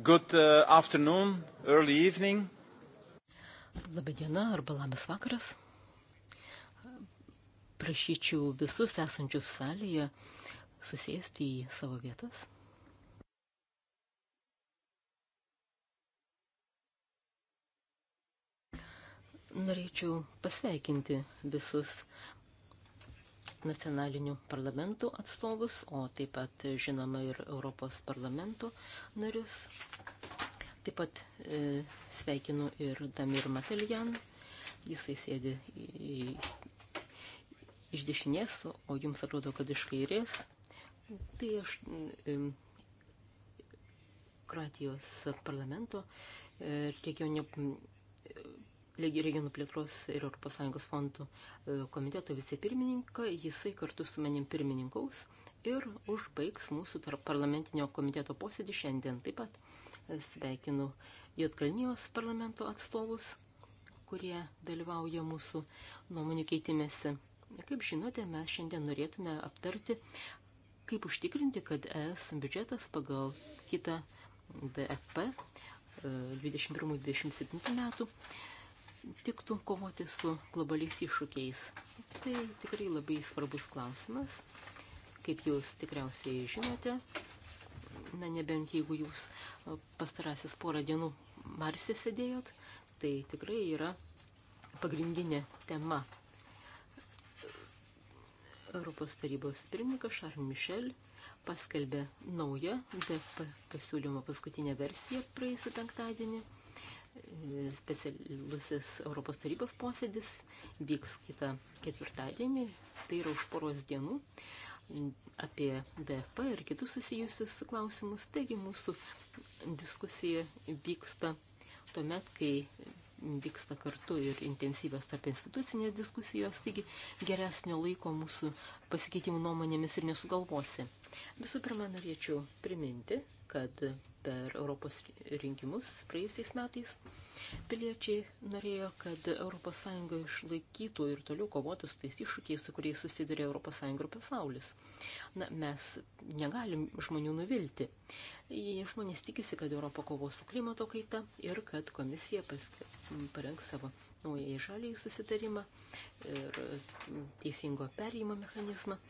Good uh, afternoon, early evening. Labai diena arba labas vakaras. Prašyčiau visus esančius salėje susėsti į savo vietas. Norėčiau pasveikinti visus nacionalinių parlamentų atstovus, o taip pat žinoma ir Europos parlamento narius. Taip pat e, sveikinu ir Damir Matelian, jisai sėdi į, iš dešinės, o jums atrodo, kad iš kairės. Tai aš e, Kroatijos parlamento e, regioninio regionų plėtros ir ES fondų e, komiteto vicepirmininką, jisai kartu su manim pirmininkaus ir užbaigs mūsų parlamentinio komiteto posėdį šiandien. Taip pat e, sveikinu Jotkalnijos parlamento atstovus, kurie dalyvauja mūsų nuomonių keitimėse. Kaip žinote, mes šiandien norėtume aptarti, kaip užtikrinti, kad ES biudžetas pagal kitą BFP 21-27 e, metų tiktų kovoti su globaliais iššūkiais. Tai tikrai labai svarbus klausimas, kaip jūs tikriausiai žinote. Na, nebent jeigu jūs pastarasis porą dienų Marsė sėdėjot, tai tikrai yra pagrindinė tema. Europos tarybos pirmininkas Charles Michel paskelbė naują DFP pasiūlymo paskutinę versiją praėjusiu penktadienį specialusis Europos tarybos posėdis vyks kitą ketvirtadienį, tai yra už poros dienų, apie DFP ir kitus susijusius klausimus. Taigi mūsų diskusija vyksta tuomet, kai vyksta kartu ir intensyvios tarp institucinės diskusijos, taigi geresnio laiko mūsų pasikeitimų nuomonėmis ir nesugalvosi. Visų pirma, norėčiau priminti, kad per Europos rinkimus praėjusiais metais Piliečiai norėjo, kad ES išlaikytų ir toliau kovotų su tais iššūkiais, su kuriais susiduria ES ir pasaulis. Na, mes negalim žmonių nuvilti. Žmonės tikisi, kad Europa kovos su klimato kaita ir kad komisija parengs savo naująjį žalį susitarimą ir teisingo perėjimo mechanizmą,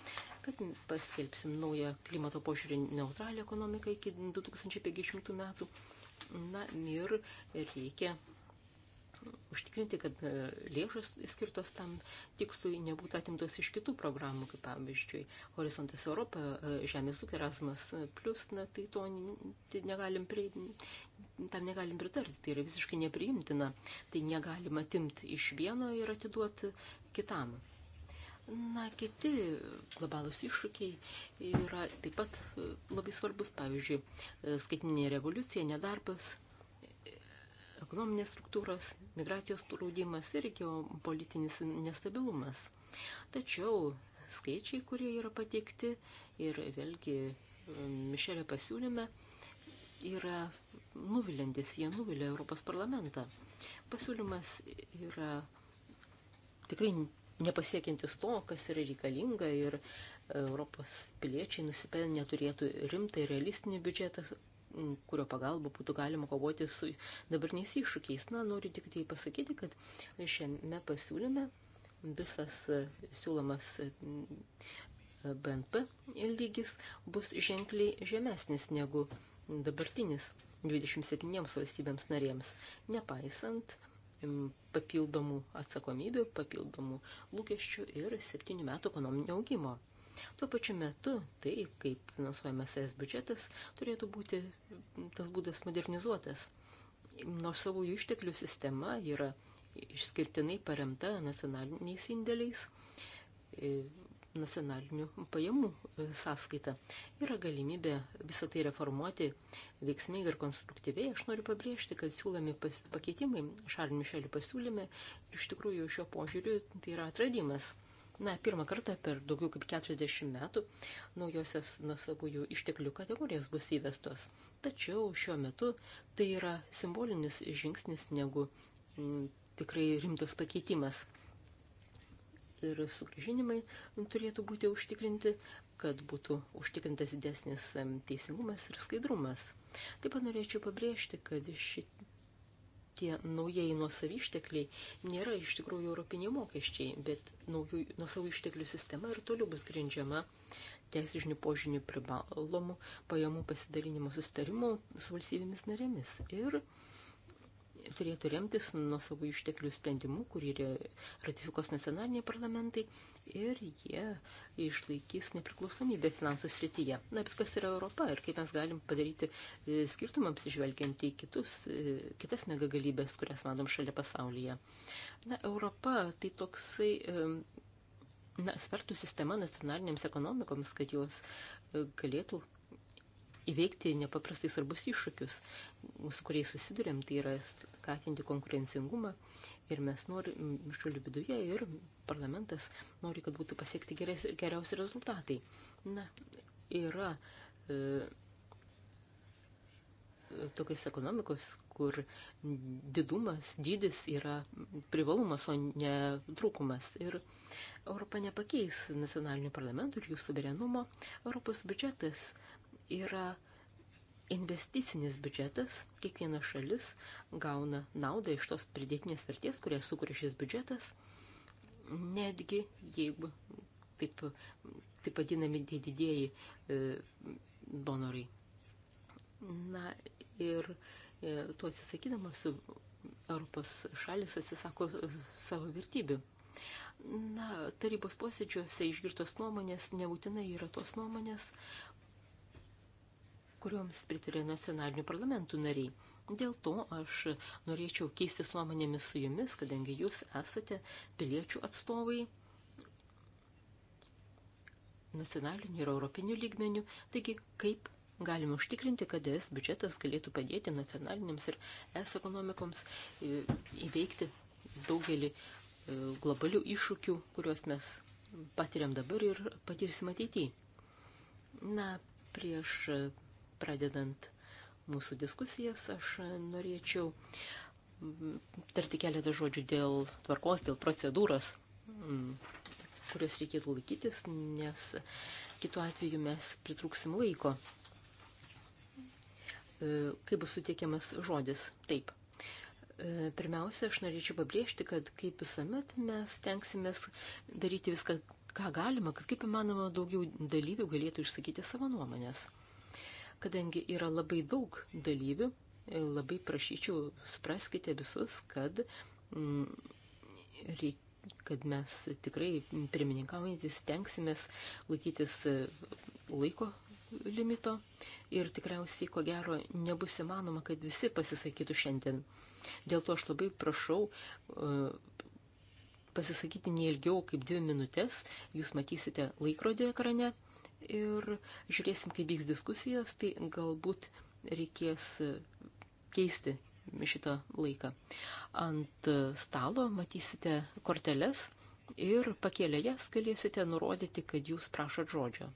kad paskelbsim naują klimato požiūrį neutralią ekonomiką iki 2050 metų Na ir reikia užtikrinti, kad e, lėšos skirtos tam tikslui nebūtų atimtos iš kitų programų, kaip pavyzdžiui, Horizontas Europa, e, Žemės ūkio Erasmus, plus, na, tai to tai negalim, pri, tam negalim pritarti, tai yra visiškai nepriimtina, tai negalim atimti iš vieno ir atiduoti kitam. Na, kiti globalūs iššūkiai yra taip pat e, labai svarbus, pavyzdžiui, e, skaitinė revoliucija, nedarbas, e, ekonominės struktūros, migracijos traudimas ir geopolitinis nestabilumas. Tačiau skaičiai, kurie yra pateikti ir vėlgi Mišelė pasiūlyme, yra nuvilintis, jie nuvilia Europos parlamentą. Pasiūlymas yra tikrai nepasiekintis to, kas yra reikalinga ir e, Europos piliečiai nusipelnė turėtų rimtą ir realistinį biudžetą, kurio pagalba būtų galima kovoti su dabarniais iššūkiais. Na, noriu tik tai pasakyti, kad šiame pasiūlyme visas e, siūlomas e, BNP lygis bus ženkliai žemesnis negu dabartinis 27 valstybėms narėms, nepaisant papildomų atsakomybių, papildomų lūkesčių ir septynių metų ekonominio augimo. Tuo pačiu metu tai, kaip finansuojamas es biudžetas, turėtų būti tas būdas modernizuotas. Nors savo išteklių sistema yra išskirtinai paremta nacionaliniais indėliais, nacionalinių pajamų e, sąskaita. Yra galimybė visą tai reformuoti veiksmingai ir konstruktyviai. Aš noriu pabrėžti, kad siūlomi pakeitimai Šarl Mišelių pasiūlyme ir iš tikrųjų šio požiūriu tai yra atradimas. Na, pirmą kartą per daugiau kaip 40 metų naujosios nusavųjų išteklių kategorijos bus įvestos. Tačiau šiuo metu tai yra simbolinis žingsnis negu m, tikrai rimtas pakeitimas ir sugrįžinimai turėtų būti užtikrinti, kad būtų užtikrintas didesnis teisingumas ir skaidrumas. Taip pat norėčiau pabrėžti, kad šitie naujieji nuosavį ištekliai nėra iš tikrųjų europiniai mokesčiai, bet nuosavų išteklių sistema ir toliau bus grindžiama teisinių požinių privalomų pajamų pasidalinimo sustarimų su valstybėmis narėmis. Ir turėtų remtis nuo savo išteklių sprendimų, kurį ratifikuos nacionaliniai parlamentai ir jie išlaikys nepriklausomybę finansų srityje. Na, viskas yra Europa ir kaip mes galim padaryti e, skirtumams išvelgiant į kitus, e, kitas megagalybės, kurias matom šalia pasaulyje. Na, Europa tai toksai e, na, svertų sistema nacionalinėms ekonomikoms, kad jos galėtų įveikti nepaprastai svarbus iššūkius, su kuriais susidurėm, tai yra skatinti konkurencingumą ir mes norim šalių viduje ir parlamentas nori, kad būtų pasiekti geriausi rezultatai. Na, yra e, tokios ekonomikos, kur didumas, dydis yra privalumas, o ne trūkumas. Ir Europa nepakeis nacionalinių parlamentų ir jų suverenumo. Europos biudžetas e, yra investicinis biudžetas, kiekviena šalis gauna naudą iš tos pridėtinės vertės, kurią sukuria šis biudžetas, netgi jeigu taip, taip vadinami tie didieji e, donorai. Na ir e, tuo atsisakydamas Europos šalis atsisako savo vertybių. Na, tarybos posėdžiuose išgirtos nuomonės nebūtinai yra tos nuomonės, kuriuoms pritarė nacionalinių parlamentų nariai. Dėl to aš norėčiau keistis nuomonėmis su jumis, kadangi jūs esate piliečių atstovai nacionalinių ir europinių lygmenių. Taigi, kaip galime užtikrinti, kad ES biudžetas galėtų padėti nacionalinėms ir ES ekonomikoms e, įveikti daugelį e, globalių iššūkių, kuriuos mes patiriam dabar ir patirsim ateityje. Na, prieš pradedant mūsų diskusijas, aš norėčiau tarti keletą žodžių dėl tvarkos, dėl procedūros, mm, kurios reikėtų laikytis, nes kitu atveju mes pritrūksim laiko. E, kaip bus suteikiamas žodis? Taip. E, pirmiausia, aš norėčiau pabrėžti, kad kaip visuomet mes tenksimės daryti viską, ką galima, kad kaip įmanoma daugiau dalyvių galėtų išsakyti savo nuomonės. Kadangi yra labai daug dalyvių, e, labai prašyčiau, supraskite visus, kad, mm, reik, kad mes tikrai pirmininkaujantis tenksimės laikytis e, laiko limito ir tikriausiai, ko gero, nebus įmanoma, kad visi pasisakytų šiandien. Dėl to aš labai prašau e, pasisakyti neilgiau kaip dvi minutės, jūs matysite laikrodį ekrane ir žiūrėsim, kaip vyks diskusijos, tai galbūt reikės keisti šitą laiką. Ant stalo matysite korteles ir pakėlę jas galėsite nurodyti, kad jūs prašot žodžio.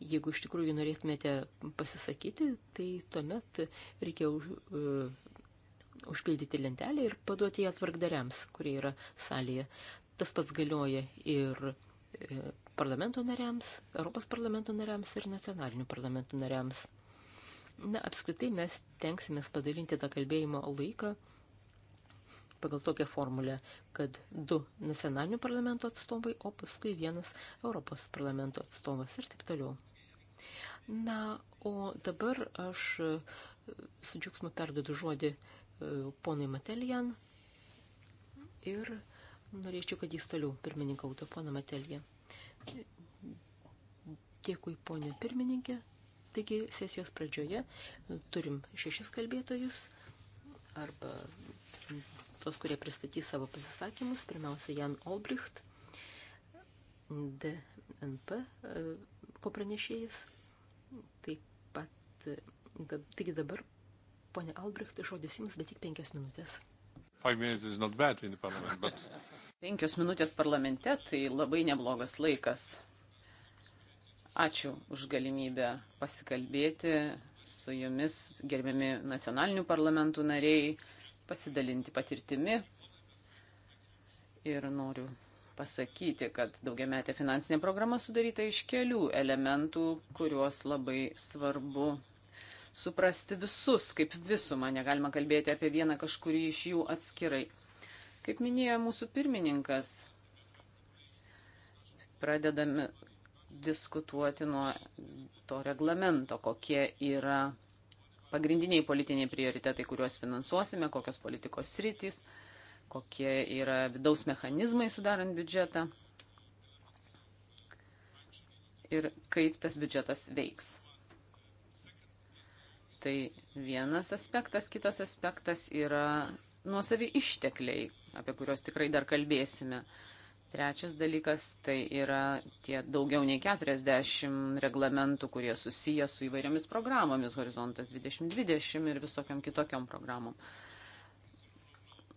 Jeigu iš tikrųjų norėtumėte pasisakyti, tai tuomet reikia už, uh, užpildyti lentelę ir paduoti ją atvarkdariams, kurie yra salėje. Tas pats galioja ir uh, parlamento nariams, Europos parlamento nariams ir nacionalinių parlamentų nariams. Na, apskritai mes tenksimės padalinti tą kalbėjimo laiką pagal tokią formulę, kad du nacionalinių parlamento atstovai, o paskui vienas Europos parlamento atstovas ir taip toliau. Na, o dabar aš e, su džiugsmu perdodu žodį e, ponai Matelijan ir Norėčiau, kad jis toliau pirmininkautų, pono Matelė. Dėkui, ponė pirmininkė. Taigi, sesijos pradžioje turim šešis kalbėtojus arba tos, kurie pristatys savo pasisakymus. Pirmiausia, Jan Olbricht, DNP e, kopranešėjas. Taip pat, e, taigi dabar, ponė Olbricht, žodis jums, bet tik penkias minutės. But... Penkios minutės parlamente tai labai neblogas laikas. Ačiū už galimybę pasikalbėti su jumis, gerbiami nacionalinių parlamentų nariai, pasidalinti patirtimi. Ir noriu pasakyti, kad daugiametė finansinė programa sudaryta iš kelių elementų, kuriuos labai svarbu suprasti visus kaip visumą, negalima kalbėti apie vieną kažkurį iš jų atskirai. Kaip minėjo mūsų pirmininkas, pradedame diskutuoti nuo to reglamento, kokie yra pagrindiniai politiniai prioritetai, kuriuos finansuosime, kokios politikos sritys, kokie yra vidaus mechanizmai sudarant biudžetą ir kaip tas biudžetas veiks. Tai vienas aspektas, kitas aspektas yra nuosavi ištekliai, apie kuriuos tikrai dar kalbėsime. Trečias dalykas tai yra tie daugiau nei 40 reglamentų, kurie susiję su įvairiomis programomis, Horizontas 2020 ir visokiam kitokiam programom.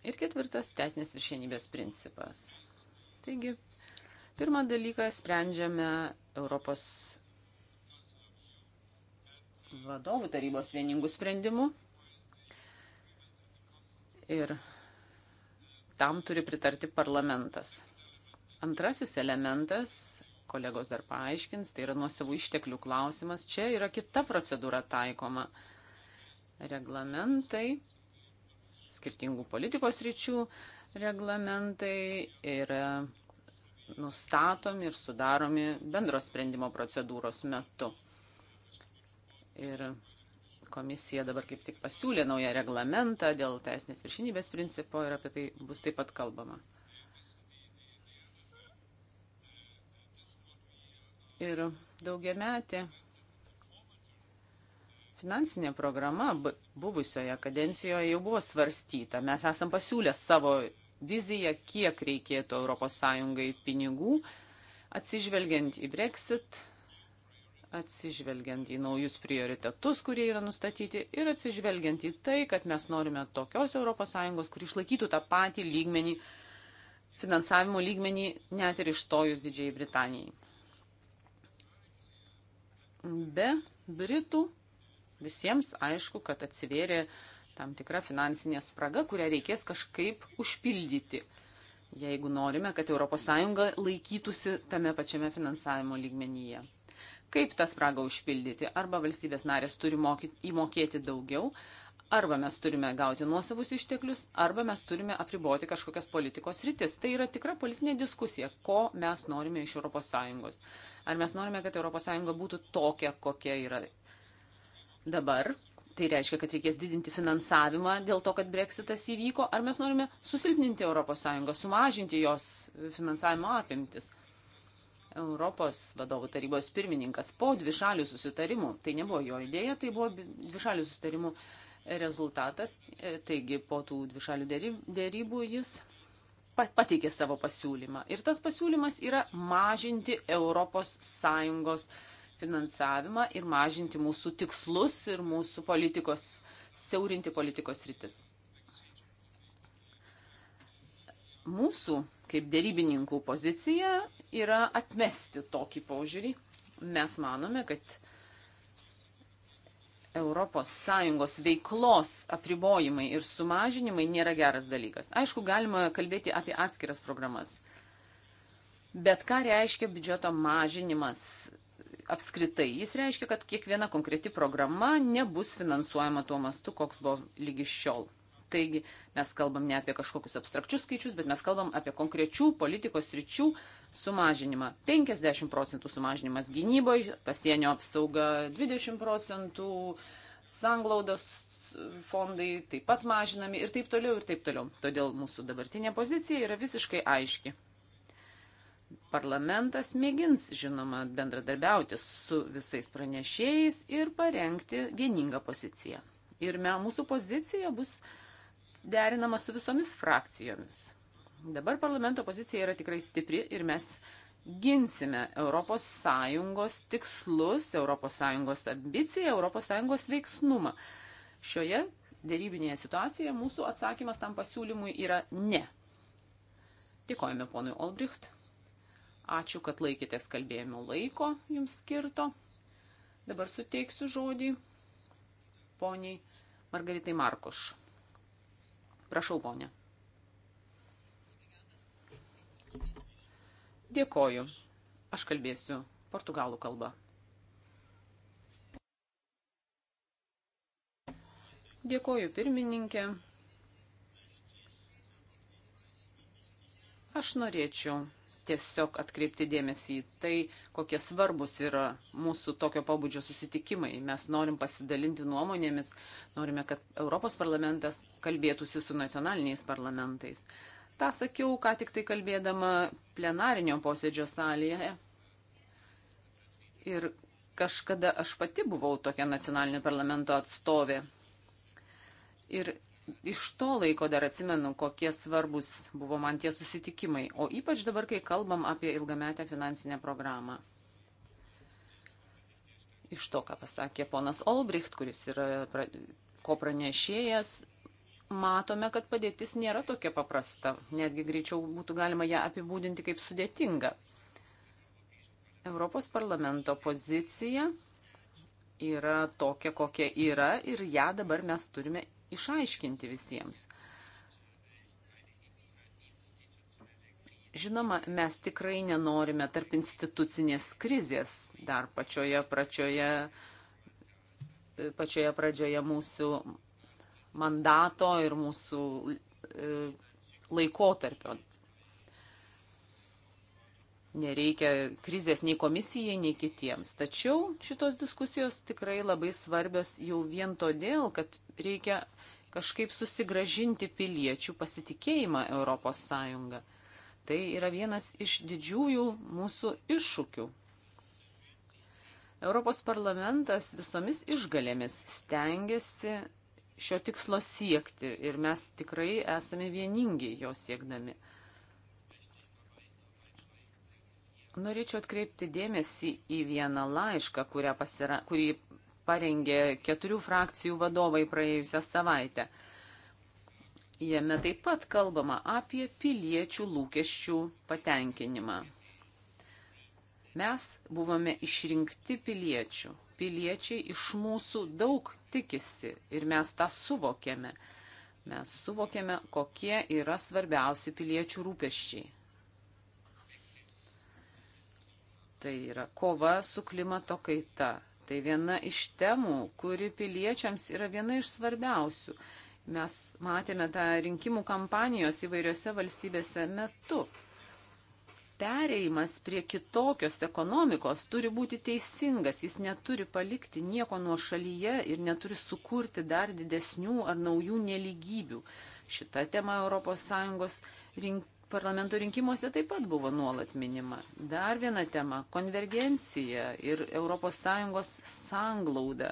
Ir ketvirtas - teisinės viršienybės principas. Taigi, pirmą dalyką sprendžiame Europos vadovų tarybos vieningų sprendimų ir tam turi pritarti parlamentas. Antrasis elementas, kolegos dar paaiškins, tai yra nuosavų išteklių klausimas. Čia yra kita procedūra taikoma. Reglamentai, skirtingų politikos ryčių reglamentai yra nustatomi ir sudaromi bendro sprendimo procedūros metu. Ir komisija dabar kaip tik pasiūlė naują reglamentą dėl teisinės viršinybės principo ir apie tai bus taip pat kalbama. Ir daugiametė finansinė programa buvusioje kadencijoje jau buvo svarstyta. Mes esam pasiūlę savo viziją, kiek reikėtų ES pinigų, atsižvelgiant į Brexit atsižvelgiant į naujus prioritetus, kurie yra nustatyti, ir atsižvelgiant į tai, kad mes norime tokios ES, kuri išlaikytų tą patį lygmenį, finansavimo lygmenį, net ir išstojus Didžiai Britanijai. Be Britų visiems aišku, kad atsivėrė tam tikra finansinė spraga, kurią reikės kažkaip užpildyti, jeigu norime, kad ES laikytųsi tame pačiame finansavimo lygmenyje kaip tą spragą užpildyti. Arba valstybės narės turi mokyti, įmokėti daugiau, arba mes turime gauti nuosavus išteklius, arba mes turime apriboti kažkokias politikos rytis. Tai yra tikra politinė diskusija, ko mes norime iš ES. Ar mes norime, kad ES būtų tokia, kokia yra dabar. Tai reiškia, kad reikės didinti finansavimą dėl to, kad breksitas įvyko, ar mes norime susilpninti ES, sumažinti jos finansavimo apimtis. Europos vadovų tarybos pirmininkas po dvišalių susitarimų. Tai nebuvo jo idėja, tai buvo dvišalių susitarimų rezultatas. E, taigi po tų dvišalių dėrybų jis pateikė savo pasiūlymą. Ir tas pasiūlymas yra mažinti ES finansavimą ir mažinti mūsų tikslus ir mūsų politikos, siaurinti politikos rytis. Mūsų kaip dėrybininkų pozicija yra atmesti tokį požiūrį. Mes manome, kad ES veiklos apribojimai ir sumažinimai nėra geras dalykas. Aišku, galima kalbėti apie atskiras programas. Bet ką reiškia biudžeto mažinimas apskritai? Jis reiškia, kad kiekviena konkreti programa nebus finansuojama tuo mastu, koks buvo lygi šiol. Taigi mes kalbam ne apie kažkokius abstrakčius skaičius, bet mes kalbam apie konkrečių politikos ryčių sumažinimą. 50 procentų sumažinimas gynyboje, pasienio apsauga 20 procentų, sanglaudos fondai taip pat mažinami ir taip toliau ir taip toliau. Todėl mūsų dabartinė pozicija yra visiškai aiški. Parlamentas mėgins, žinoma, bendradarbiauti su visais pranešėjais ir parengti vieningą poziciją. Ir me, mūsų pozicija bus uh, derinama su visomis frakcijomis. Dabar parlamento pozicija yra tikrai stipri ir mes ginsime ES tikslus, ES ambiciją, ES veiksnumą. Šioje dėrybinėje situacijoje mūsų atsakymas tam pasiūlymui yra ne. Dėkojame ponui Olbricht. Ačiū, kad laikytės kalbėjimo laiko jums skirto. Dabar suteiksiu žodį poniai Margaritai Markuš. Prašau, ponė. Dėkoju. Aš kalbėsiu portugalų kalbą. Dėkoju pirmininkė. Aš norėčiau tiesiog atkreipti dėmesį į tai, kokie svarbus yra mūsų tokio pobūdžio susitikimai. Mes norim pasidalinti nuomonėmis, norime, kad Europos parlamentas kalbėtųsi su nacionaliniais parlamentais. Ta sakiau, ką tik tai kalbėdama plenarinio posėdžio salėje. Ir kažkada aš pati buvau tokia nacionalinio parlamento atstovė. Ir iš to laiko dar atsimenu, kokie svarbus buvo man tie susitikimai, o ypač dabar, kai kalbam apie ilgametę finansinę programą. Iš to, ką pasakė ponas Olbricht, kuris yra pra, ko pranešėjas, matome, kad padėtis nėra tokia paprasta. Netgi greičiau būtų galima ją apibūdinti kaip sudėtinga. Europos parlamento pozicija yra tokia, kokia yra ir ją dabar mes turime išaiškinti visiems. Žinoma, mes tikrai nenorime tarp institucinės krizės dar pačioje, pračioje, pačioje pradžioje mūsų mandato ir mūsų e, laikotarpio. Nereikia krizės nei komisijai, nei kitiems. Tačiau šitos diskusijos tikrai labai svarbios jau vien todėl, kad reikia kažkaip susigražinti piliečių pasitikėjimą ES. Tai yra vienas iš didžiųjų mūsų iššūkių. Europos parlamentas visomis išgalėmis stengiasi šio tikslo siekti ir mes tikrai esame vieningi jo siekdami. Norėčiau atkreipti dėmesį į vieną laišką, pasira, kurį parengė keturių frakcijų vadovai praėjusią savaitę. Jame taip pat kalbama apie piliečių lūkesčių patenkinimą. Mes buvome išrinkti piliečių. Piliečiai iš mūsų daug tikisi ir mes tą suvokėme. Mes suvokėme, kokie yra svarbiausi piliečių rūpeščiai. Tai yra kova su klimato kaita, Tai viena iš temų, kuri piliečiams yra viena iš svarbiausių. Mes matėme tą rinkimų kampanijos įvairiose valstybėse metu. Pereimas prie kitokios ekonomikos turi būti teisingas, jis neturi palikti nieko nuo šalyje ir neturi sukurti dar didesnių ar naujų nelygybių. Šita tema ES rink, parlamento rinkimuose taip pat buvo nuolat minima. Dar viena tema - konvergencija ir ES sanglauda.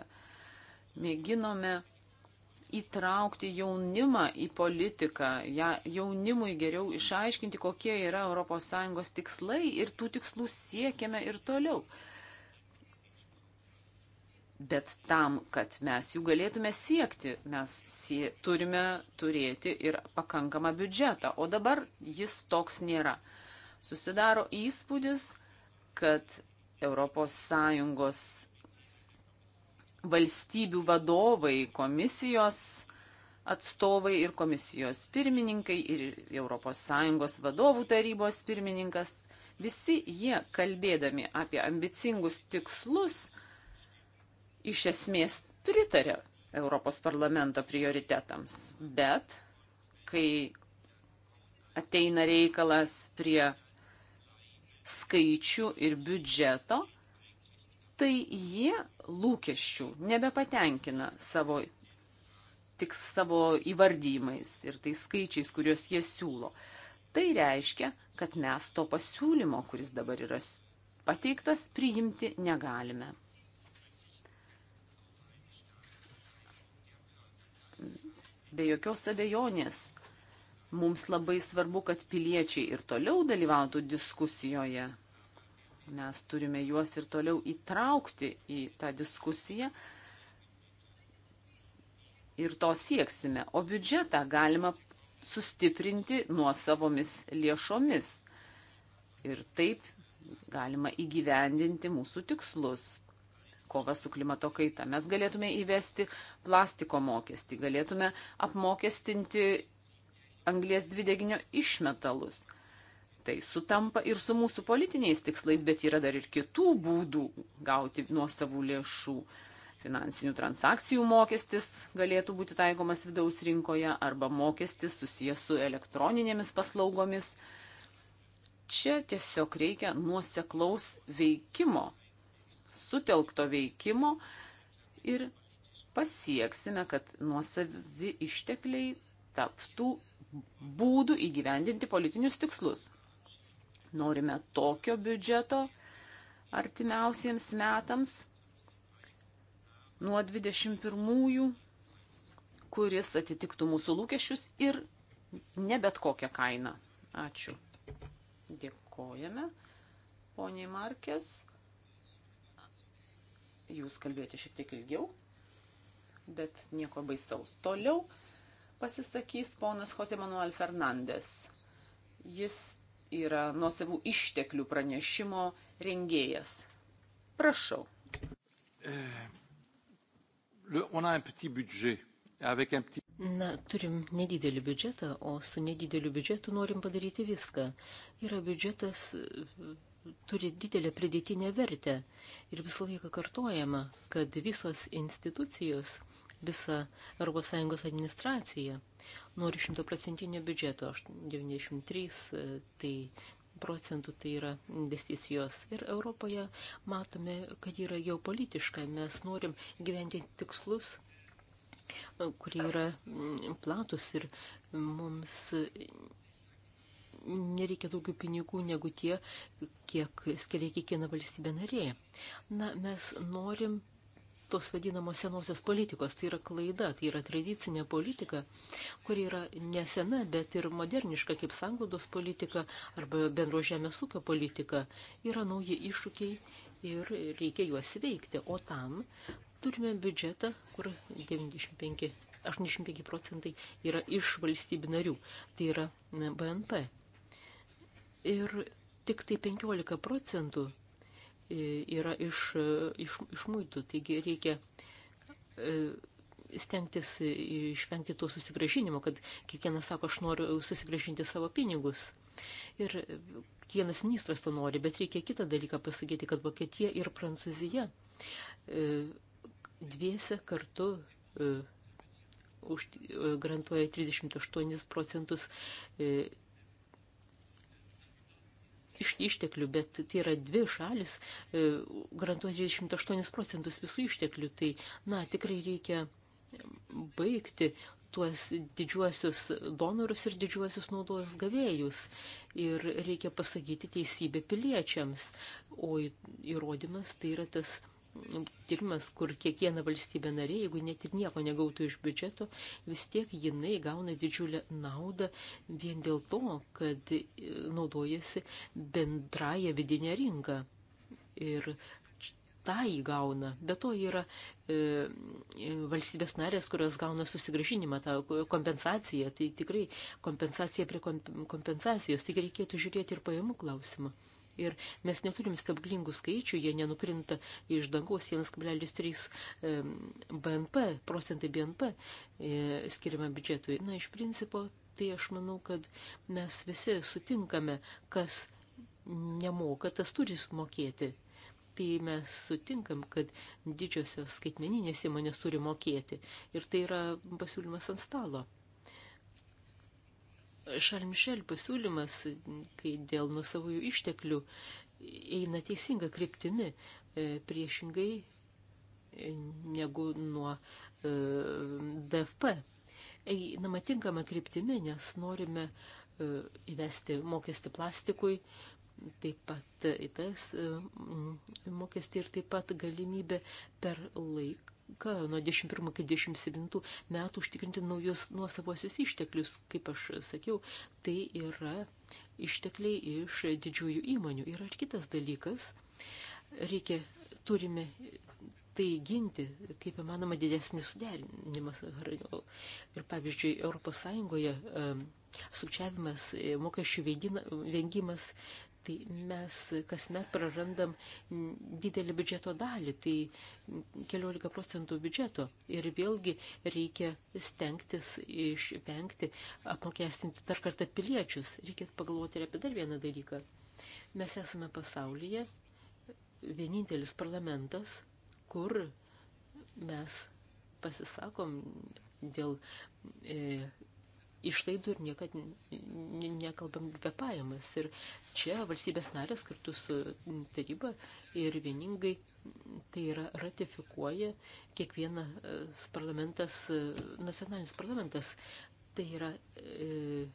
Mėginome įtraukti jaunimą į politiką, ja, jaunimui geriau išaiškinti, kokie yra ES tikslai ir tų tikslų siekiame ir toliau. Bet tam, kad mes jų galėtume siekti, mes sie turime turėti ir pakankamą biudžetą, o dabar jis toks nėra. Susidaro įspūdis, kad ES valstybių vadovai, komisijos atstovai ir komisijos pirmininkai ir ES vadovų tarybos pirmininkas, visi jie kalbėdami apie ambicingus tikslus, iš esmės pritarė Europos parlamento prioritetams, bet kai ateina reikalas prie skaičių ir biudžeto, tai jie lūkesčių nebepatenkina savo, tik savo įvardymais ir tai skaičiais, kuriuos jie siūlo. Tai reiškia, kad mes to pasiūlymo, kuris dabar yra pateiktas, priimti negalime. Be jokios abejonės. Mums labai svarbu, kad piliečiai ir toliau dalyvautų diskusijoje. Mes turime juos ir toliau įtraukti į tą diskusiją ir to sieksime. O biudžetą galima sustiprinti nuo savomis lėšomis. Ir taip galima įgyvendinti mūsų tikslus kova su klimato kaita. Mes galėtume įvesti plastiko mokestį, galėtume apmokestinti anglės dvideginio išmetalus. Tai sutampa ir su mūsų politiniais tikslais, bet yra dar ir kitų būdų gauti nuosavų lėšų. Finansinių transakcijų mokestis galėtų būti taikomas vidaus rinkoje arba mokestis susijęs su elektroninėmis paslaugomis. Čia tiesiog reikia nuoseklaus veikimo sutelkto veikimo ir pasieksime, kad nuosavi ištekliai taptų būdų įgyvendinti politinius tikslus. Norime tokio biudžeto artimiausiems metams nuo 21-ųjų, kuris atitiktų mūsų lūkesčius ir ne bet kokią kainą. Ačiū. Dėkojame, poniai Markės. Jūs kalbėjote šiek tiek ilgiau, bet nieko baisaus. Toliau pasisakys ponas Jose Manuel Fernandes. Jis yra nuosavų išteklių pranešimo rengėjas. Prašau. Eh, Na, turim nedidelį biudžetą, o su nedideliu biudžetu norim padaryti viską. Yra biudžetas turi didelę pridėtinę vertę. Ir visą laiką kartojama, kad visos institucijos, visa ES administracija nori šimtaprocentinio biudžeto, 93 tai procentų tai yra investicijos. Ir Europoje matome, kad yra jau politiška, mes norim gyventi tikslus kurie yra platus ir mums nereikia daugiau pinigų negu tie, kiek skiria kiekviena valstybė narė. Na, mes norim tos vadinamos senosios politikos. Tai yra klaida, tai yra tradicinė politika, kuri yra nesena, bet ir moderniška, kaip sanglaudos politika arba bendro žemės ūkio politika. Yra nauji iššūkiai ir reikia juos veikti. O tam turime biudžetą, kur 95, 85 procentai yra iš valstybių narių. Tai yra BNP ir tik tai 15 procentų e, yra iš, e, iš, iš muitų, taigi reikia e, stengtis išvengti to susigražinimo, kad kiekvienas sako, aš noriu susigražinti savo pinigus. Ir kiekvienas ministras to nori, bet reikia kitą dalyką pasakyti, kad Vokietija ir Prancūzija dviese kartu garantuoja 38 procentus iš išteklių, bet tai yra dvi šalis, e, garantuoja 28 procentus visų išteklių. Tai, na, tikrai reikia baigti tuos didžiuosius donorus ir didžiuosius naudos gavėjus. Ir reikia pasakyti teisybę piliečiams, o įrodymas tai yra tas tyrimas, kur kiekviena valstybė narė, jeigu net ir nieko negautų iš biudžeto, vis tiek jinai gauna didžiulę naudą vien dėl to, kad e, naudojasi bendraja vidinė rinka. Ir tą įgauna. Be to yra e, e, valstybės narės, kurios gauna susigražinimą, tą kompensaciją. Tai tikrai kompensacija prie kompensacijos. Tik reikėtų žiūrėti ir pajamų klausimą ir mes neturim stebuklingų skaičių, jie nenukrinta iš dangaus 1,3 BNP, procentai BNP e, skiriama biudžetui. Na, iš principo, tai aš manau, kad mes visi sutinkame, kas nemoka, tas turi sumokėti. Tai mes sutinkam, kad didžiosios skaitmeninės įmonės turi mokėti. Ir tai yra pasiūlymas ant stalo. Šalmišel pasiūlymas, kai dėl nusavųjų išteklių eina teisinga kryptimi, e, priešingai e, negu nuo e, DFP. Einama tinkama kryptimi, nes norime įvesti mokestį plastikui, taip pat į tas mokestį ir taip pat galimybę per laiką nuo 21 iki 27 metų užtikrinti naujus nuosavosius išteklius. Kaip aš sakiau, tai yra ištekliai iš didžiųjų įmonių. Yra ir kitas dalykas. Reikia, turime tai ginti, kaip įmanoma, didesnį suderinimą. Ir pavyzdžiui, Europos Sąjungoje e, sukčiavimas, e, mokesčių vengimas tai mes kasmet prarandam didelį biudžeto dalį, tai keliolika procentų biudžeto. Ir vėlgi reikia stengtis išvengti, apmokestinti dar kartą piliečius. Reikia pagalvoti ir apie dar vieną dalyką. Mes esame pasaulyje vienintelis parlamentas, kur mes pasisakom dėl e, išlaidų ir niekad nekalbam apie pajamas. Ir čia valstybės narės kartu su taryba ir vieningai tai yra ratifikuoja kiekvienas e, parlamentas, e, nacionalinis parlamentas. Tai yra e,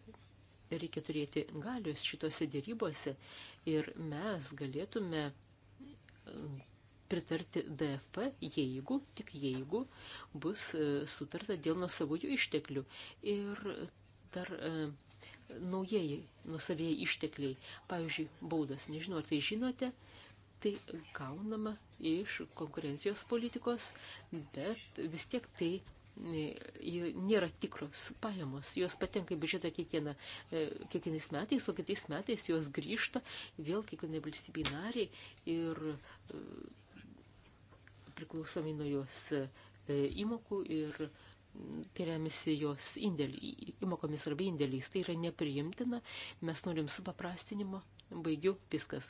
reikia turėti galius šitose dėrybose ir mes galėtume pritarti DFP, jeigu, tik jeigu, bus e, sutarta dėl nusavųjų išteklių. Ir dar e, naujieji nusavėjai ištekliai, pavyzdžiui, baudas, nežinau, ar tai žinote, tai gaunama iš konkurencijos politikos, bet vis tiek tai e, nėra tikros pajamos. Jos patenka į biudžetą kiekvieną, kiekvienais metais, o kitais metais jos grįžta vėl kiekvienai valstybei nariai ir priklausomai nuo jos e, įmokų ir tai remiasi jos indėlį, įmokomis arba indėliais. Tai yra nepriimtina, mes norim supaprastinimo, baigiu, viskas.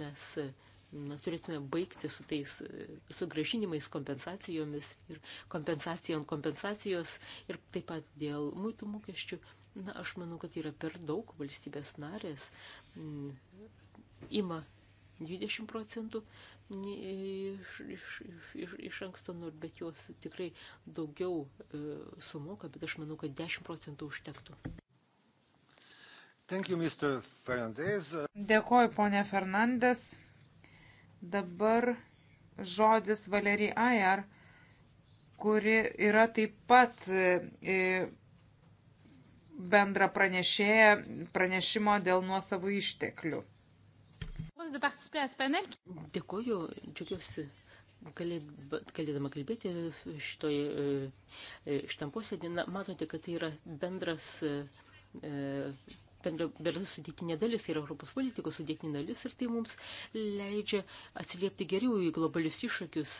Mes na, turėtume baigti su tais e, sugražinimais, kompensacijomis ir kompensacija ant kompensacijos ir taip pat dėl mūtų mokesčių. Na, aš manau, kad yra per daug valstybės narės m, ima 20 procentų iš, iš, iš, iš anksto, nors bet jos tikrai daugiau e, sumoka, bet aš manau, kad 10 procentų užtektų. Thank you, Mr. Fernandez. Dėkoju, ponė Fernandes. Dabar žodis Valerijai Ajar, kuri yra taip pat e, bendra pranešėja pranešimo dėl nuosavų išteklių de participer à ce panel. Dėkoju, džiugiuosi galėdama kalbėti šitoje, e, e, šitam posėdį. Matote, kad tai yra bendras, e, bendra, bendra sudėtinė dalis, tai yra Europos politikos sudėtinė dalis ir tai mums leidžia atsiliepti geriau į globalius iššūkius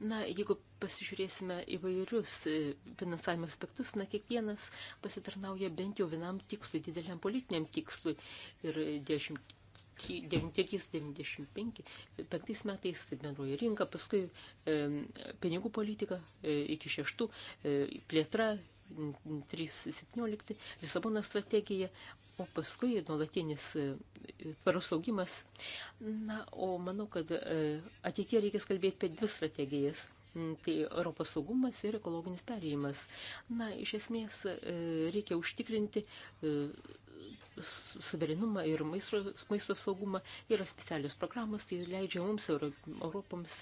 Na, jeigu pasižiūrėsime įvairius e, finansavimo aspektus, na, kiekvienas pasitarnauja bent jau vienam tikslui, dideliam politiniam tikslui. Ir 93-95 metais tai bendroji rinka, paskui e, pinigų politika e, iki šeštų, e, plėtra, 3.17, Lisabono strategija, o paskui nuolatinis e, tvarus augimas. Na, o manau, kad e, ateitie reikės kalbėti apie dvi strategijas. Mm, tai Europos saugumas ir ekologinis perėjimas. Na, iš esmės e, reikia užtikrinti suverenumą ir maisto, maisto saugumą. Yra specialios programos, tai leidžia mums, Europoms,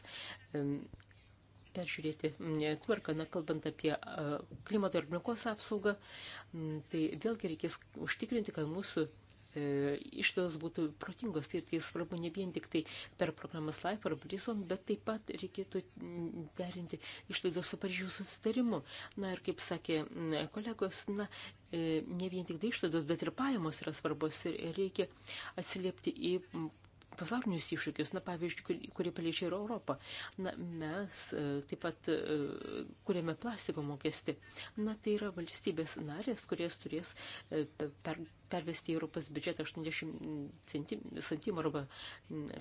peržiūrėti tvarką, na, kalbant apie klimato ir aplinkos apsaugą, tai vėlgi reikės užtikrinti, kad mūsų e, išlaidos būtų protingos ir tai svarbu ne vien tik tai per programas Life ar Brizon, bet taip pat reikėtų derinti išlaidos su Paryžiaus susitarimu. Na ir kaip sakė kolegos, na, e, ne vien tik tai išlaidos, bet ir pajamos yra svarbos ir reikia atsiliepti į pasaulinius iššūkius, na, pavyzdžiui, kurie paliečia ir Europą. Na, mes e, taip pat e, kuriame plastiko mokestį. Na, tai yra valstybės narės, kurias turės e, per, pervesti į Europos biudžetą 80 centimų arba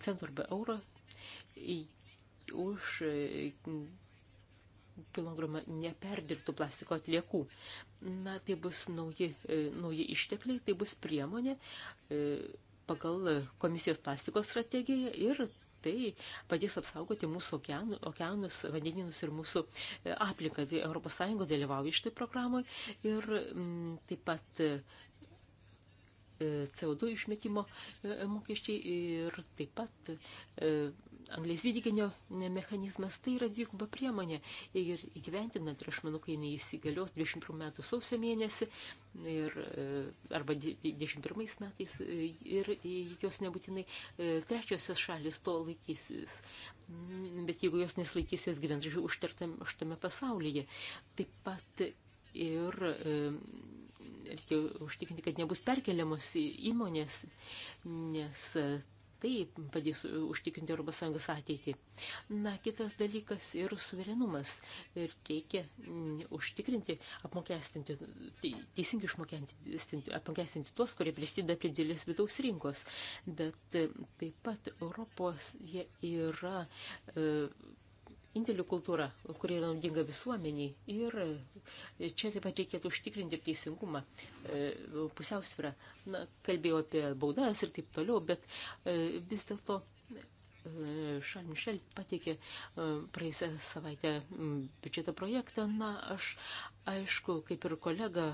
centų arba eurą už kilogramą neperdirbtų plastiko atliekų. Na, tai bus nauji, nauji ištekliai, tai bus priemonė pagal komisijos plastikos strategiją ir tai padės apsaugoti mūsų okeanų, okeanus, vandeninus ir mūsų e, aplinką. Tai Europos Sąjunga dalyvauja šitai programai ir m, mm, taip pat e, e, CO2 išmetimo mokesčiai ir taip pat anglės dvideginio mechanizmas tai yra dviguba priemonė ir įgyvendinant, ir aš manau, kai jinai įsigalios 21 metų sausio mėnesį ir, e, arba 21 metais e, ir e, jos nebūtinai trečiosios šalis to laikysis, mm, bet jeigu jos nesilaikys, jos gyvens užtartame pasaulyje. Taip pat ir reikia užtikrinti, kad nebus perkeliamos įmonės, nes tai padės e, užtikrinti ES ateitį. Na, kitas dalykas ir suverenumas. Ir reikia mm, užtikrinti, apmokestinti, teisingai išmokestinti, apmokestinti tuos, kurie prisideda prie dėlės vidaus rinkos. Bet e, taip pat Europoje yra. E, indėlių kultūra, kuri yra naudinga visuomeniai. Ir e, čia taip pat reikėtų užtikrinti ir teisingumą, e, pusiausvyrą. Na, kalbėjau apie baudas ir taip toliau, bet e, vis dėlto Šarl Mišel pateikė praeisę savaitę biudžeto projektą. Na, aš aišku, kaip ir kolega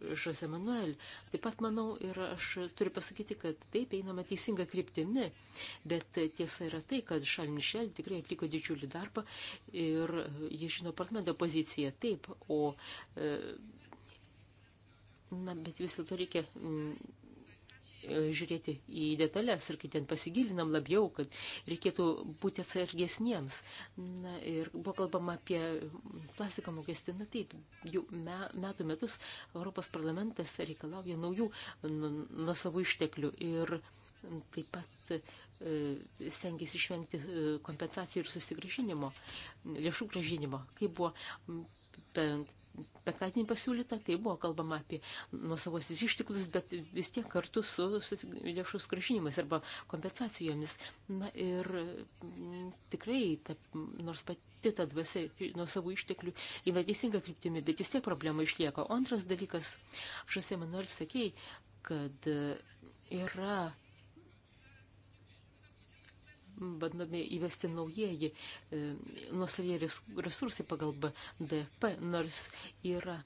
Žose Manuel. Taip pat manau ir aš turiu pasakyti, kad taip einama teisinga kryptimi, bet tiesa yra tai, kad Šal Mišel tikrai atliko didžiulį darbą ir jie žino parlamento poziciją taip, o. E, na, bet vis dėlto reikia. M, E, žiūrėti į detalės ir kai ten pasigilinam labiau, kad reikėtų būti atsargesniems. Na ir buvo kalbama apie plastiką mokestį. Na taip, jau me, metų metus Europos parlamentas reikalauja naujų nu, nuo savo išteklių ir taip pat e, stengiasi išvengti e, kompensacijų ir susigražinimo, lėšų gražinimo. Kaip buvo penk, penktadienį pasiūlyta, tai buvo kalbama apie nusavosius išteklius, bet vis tiek kartu su, su lėšų skrašinimais arba kompensacijomis. Na ir mm, tikrai, ta, nors pati ta dvasia nuo savo išteklių eina teisinga kryptimi, bet vis tiek problema išlieka. O antras dalykas, aš esu Emanuelis sakėjai, kad e, yra bandomi įvesti naujieji e, nuosavieji resursai pagal BDP, nors yra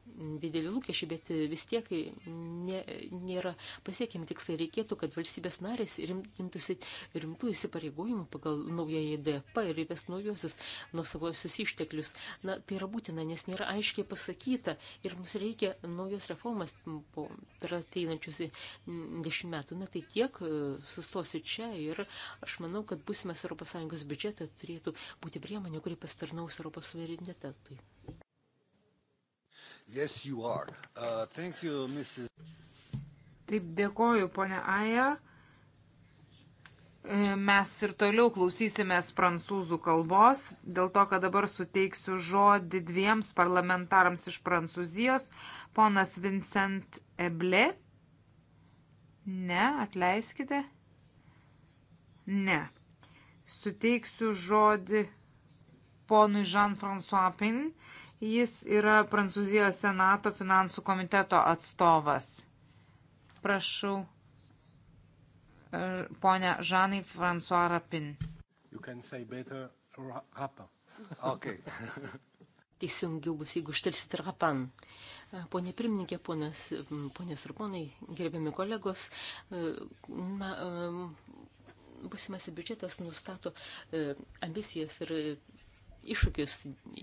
dideli lūkesčiai, bet vis tiek nė, nėra pasiekiami tikslai. Reikėtų, kad valstybės narės rimtųsi rimtų įsipareigojimų pagal naująjį DP ir įvest naujosius nuosavosius išteklius. Na, tai yra būtina, nes nėra aiškiai pasakyta ir mums reikia naujos reformas po, per ateinančius dešimt metų. Na, tai tiek e, sustosiu čia ir aš manau, kad bus plėsmės ES biudžetą turėtų būti priemonė, kuri pastarnaus Europos suverenitetui. Yes, you are. Uh, thank you, Mrs. Taip, dėkoju, ponia Aja. E, mes ir toliau klausysimės prancūzų kalbos, dėl to, kad dabar suteiksiu žodį dviems parlamentarams iš Prancūzijos. Ponas Vincent Eble. Ne, atleiskite. Ne suteiksiu žodį ponui Jean-François Pin. Jis yra Prancūzijos Senato finansų komiteto atstovas. Prašau, e, ponia Žanai François Rapin. Rapin. Okay. Teisingiau bus, jeigu ištarsit Rapan. E, Pone pirmininkė, ponės, ponės ir ponai, gerbiami kolegos, e, na, busimas biudžetas nustato e, ambicijas ir iššūkius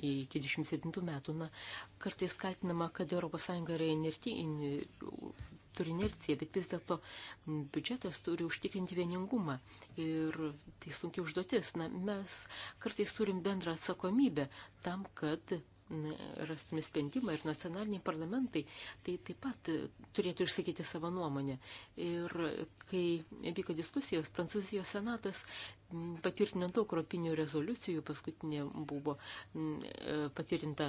iki 27 metų. Na, kartais kaltinama, kad ES yra inerti, turi inerciją, bet vis dėlto biudžetas turi užtikrinti vieningumą. Ir tai sunkiai užduotis. Na, mes kartais turim bendrą atsakomybę tam, kad rastume sprendimą ir nacionaliniai parlamentai tai taip pat e, turėtų išsakyti savo nuomonę. Ir kai vyko diskusijos, Prancūzijos senatas patvirtino daug europinių rezoliucijų, paskutinė buvo e, patvirtinta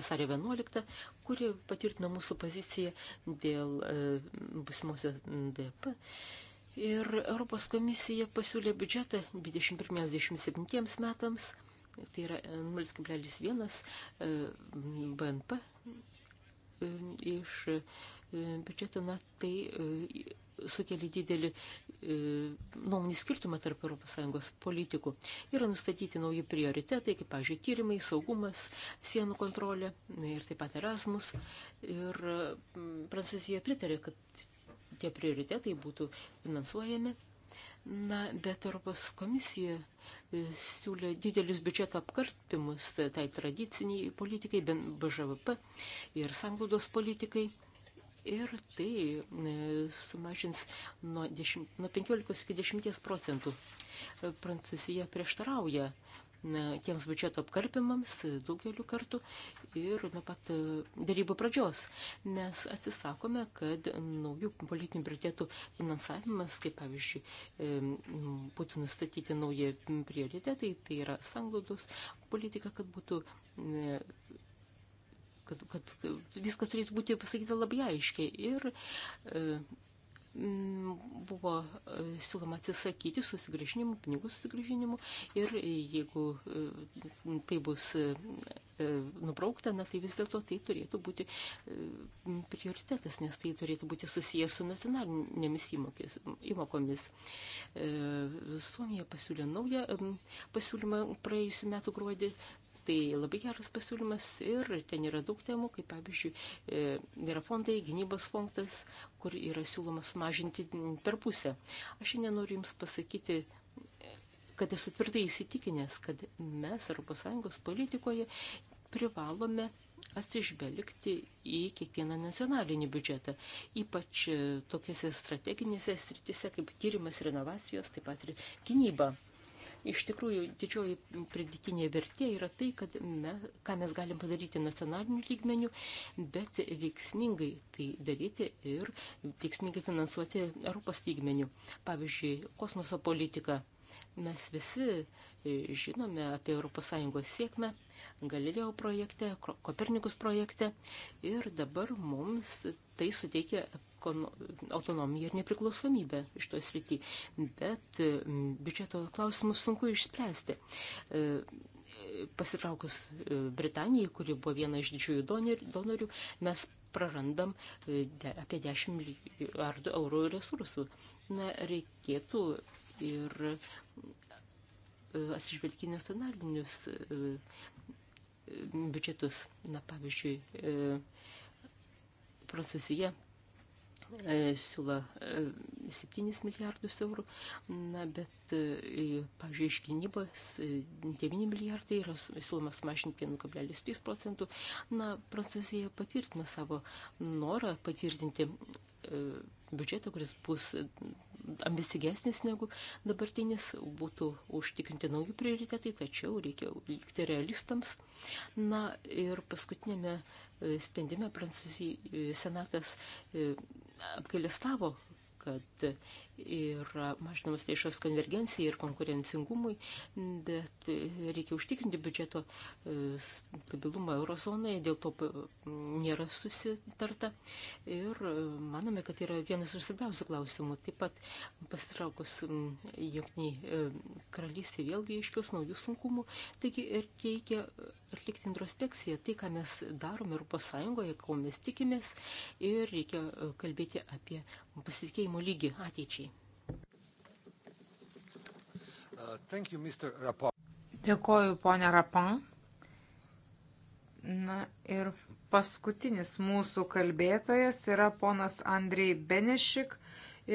vasario 11, kuri patvirtino mūsų poziciją dėl e, busimosios DP. Ir Europos komisija pasiūlė biudžetą 21-27 metams tai yra 0,1 e, e, BNP e, iš biudžeto, na, tai sukelia didelį nuomonį skirtumą tarp ES politikų. Yra nustatyti nauji prioritetai, kaip, pažiūrėjau, tyrimai, saugumas, sienų kontrolė ir taip pat Erasmus. Ir Prancūzija pritarė, kad tie prioritetai būtų finansuojami Na, bet Europos komisija e, siūlė didelius biudžeto apkarpimus tai tradiciniai politikai, BŽVP ir sanglaudos politikai. Ir tai e, sumažins nuo, 10, nuo 15 iki 10 procentų. Prancūzija prieštarauja tiems biudžeto apkarpimams daugeliu kartų ir nuo pat e, darybų pradžios. Mes atsisakome, kad naujų politinių prioritėtų finansavimas, kaip pavyzdžiui, e, būtų nustatyti nauji prioritetai, tai yra sanglaudos politika, kad būtų e, kad, kad viskas turėtų būti pasakyta labai aiškiai ir e, Mm, buvo e, siūloma atsisakyti susigražinimų, pinigų susigražinimų ir jeigu e, tai bus e, nubraukta, na tai vis dėlto tai turėtų būti prioritetas, nes tai turėtų būti susijęs su nacionalinėmis įmokės, įmokomis. Suomija pasiūlė naują pasiūlymą praėjusiu metu gruodį, Tai labai geras pasiūlymas ir ten yra daug temų, kaip pavyzdžiui, e, yra fondai, gynybos fondas, kur yra siūloma sumažinti per pusę. Aš šiandien noriu Jums pasakyti, kad esu tvirtai įsitikinęs, kad mes ES politikoje privalome atsižvelgti į kiekvieną nacionalinį biudžetą, ypač tokiose strateginėse sritise kaip tyrimas ir inovacijos, taip pat ir gynyba. Iš tikrųjų, didžioji pridėtinė vertė yra tai, kad me, ką mes galim padaryti nacionaliniu lygmeniu, bet veiksmingai tai daryti ir veiksmingai finansuoti Europos lygmeniu. Pavyzdžiui, kosmoso politika. Mes visi e, žinome apie ES sėkmę Galileo projekte, Kopernikus projekte ir dabar mums tai suteikia autonomiją ir nepriklausomybę iš to srity. Bet e, biudžeto klausimus sunku išspręsti. E, pasitraukus e, Britanijai, kuri buvo viena iš didžiųjų donorių, mes prarandam apie 10 milijardų eurų resursų. Na, reikėtų ir atsižvelgti nacionalinius biudžetus. Na, pavyzdžiui, e, Prancūzija e, siūlo 7 e, milijardus eurų, na, bet, pavyzdžiui, iš gynybos 9 milijardai yra siūloma sumažinti 1,3 procentų. Na, Prancūzija patvirtino savo norą patvirtinti biudžetą, kuris bus ambicingesnis negu dabartinis, būtų užtikrinti nauji prioritetai, tačiau reikia likti realistams. Na ir paskutinėme e, sprendime Prancūzijos e, senatas e, apgailestavo, kad ir mažinamas lėšas konvergencijai ir konkurencingumui, bet reikia užtikrinti biudžeto e, stabilumą eurozonoje, dėl to nėra susitarta ir e, manome, kad yra vienas iš svarbiausių klausimų. Taip pat pasitraukus jungtiniai e, karalystė vėlgi iškils naujų sunkumų, taigi ir reikia atlikti introspekciją, tai, ką mes darome Europos Sąjungoje, ko mes tikimės ir reikia e, kalbėti apie pasitikėjimo lygį ateičiai. Uh, Dėkoju, ponė Rapan. Na ir paskutinis mūsų kalbėtojas yra ponas Andrei Benešik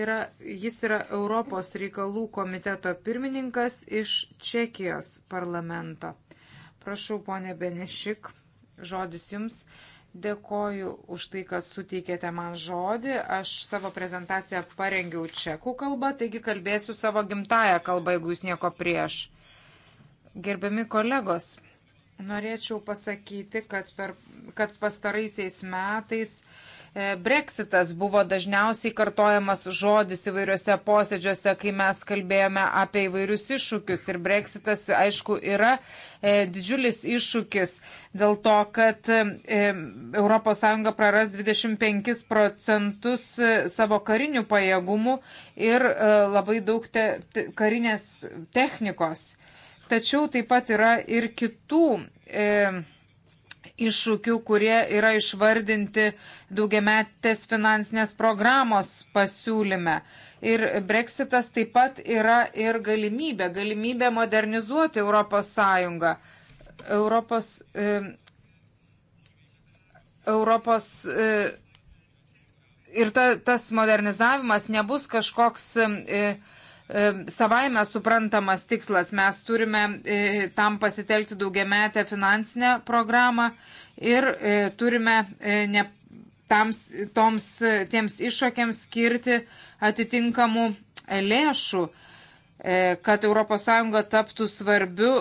yra, jis yra Europos reikalų komiteto pirmininkas iš Čekijos parlamento. Prašau, ponė Benešik, žodis jums. Dėkoju už tai, kad suteikėte man žodį. Aš savo prezentaciją parengiau čekų kalbą, taigi kalbėsiu savo gimtają kalbą, jeigu jūs nieko prieš. Gerbiami kolegos, norėčiau pasakyti, kad, per, kad pastaraisiais metais E, Brexitas buvo dažniausiai kartojamas žodis įvairiuose posėdžiuose, kai mes kalbėjome apie įvairius iššūkius. Ir Brexitas, aišku, yra e, didžiulis iššūkis dėl to, kad e, ES praras 25 procentus e, savo karinių pajėgumų ir e, labai daug te, te, karinės technikos. Tačiau taip pat yra ir kitų. E, iššūkių, kurie yra išvardinti daugiametės finansinės programos pasiūlyme. Ir breksitas taip pat yra ir galimybė, galimybė modernizuoti Europos Sąjungą. Europos, e, Europos e, ir ta, tas modernizavimas nebus kažkoks e, E, savaime suprantamas tikslas. Mes turime e, tam pasitelkti daugiametę finansinę programą ir e, turime ne, tams, toms, tiems iššokiams skirti atitinkamų lėšų kad ES taptų svarbiu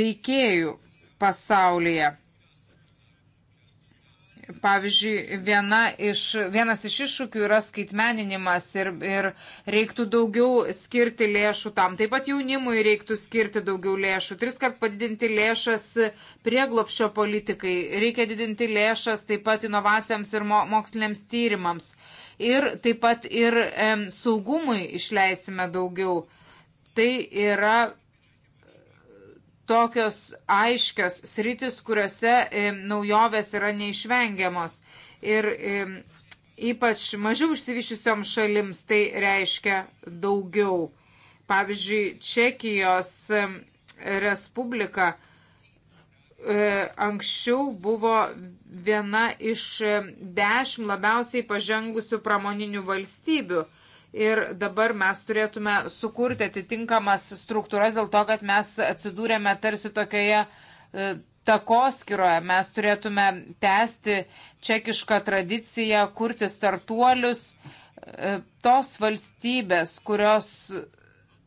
veikėjų pasaulyje. Pavyzdžiui, viena iš, vienas iš iššūkių yra skaitmeninimas ir, ir reiktų daugiau skirti lėšų tam. Taip pat jaunimui reiktų skirti daugiau lėšų. Tris kart padidinti lėšas prieglopščio politikai. Reikia didinti lėšas taip pat inovacijoms ir mo, moksliniams tyrimams. Ir taip pat ir em, saugumui išleisime daugiau. Tai yra tokios aiškios sritis, kuriuose e, naujovės yra neišvengiamos. Ir e, ypač mažiau išsivyščiusiom šalims tai reiškia daugiau. Pavyzdžiui, Čekijos e, Respublika anksčiau buvo viena iš dešimt labiausiai pažengusių pramoninių valstybių ir dabar mes turėtume sukurti atitinkamas struktūras dėl to, kad mes atsidūrėme tarsi tokioje e, takoskyroje. Mes turėtume tęsti čekišką tradiciją, kurti startuolius. E, tos valstybės, kurios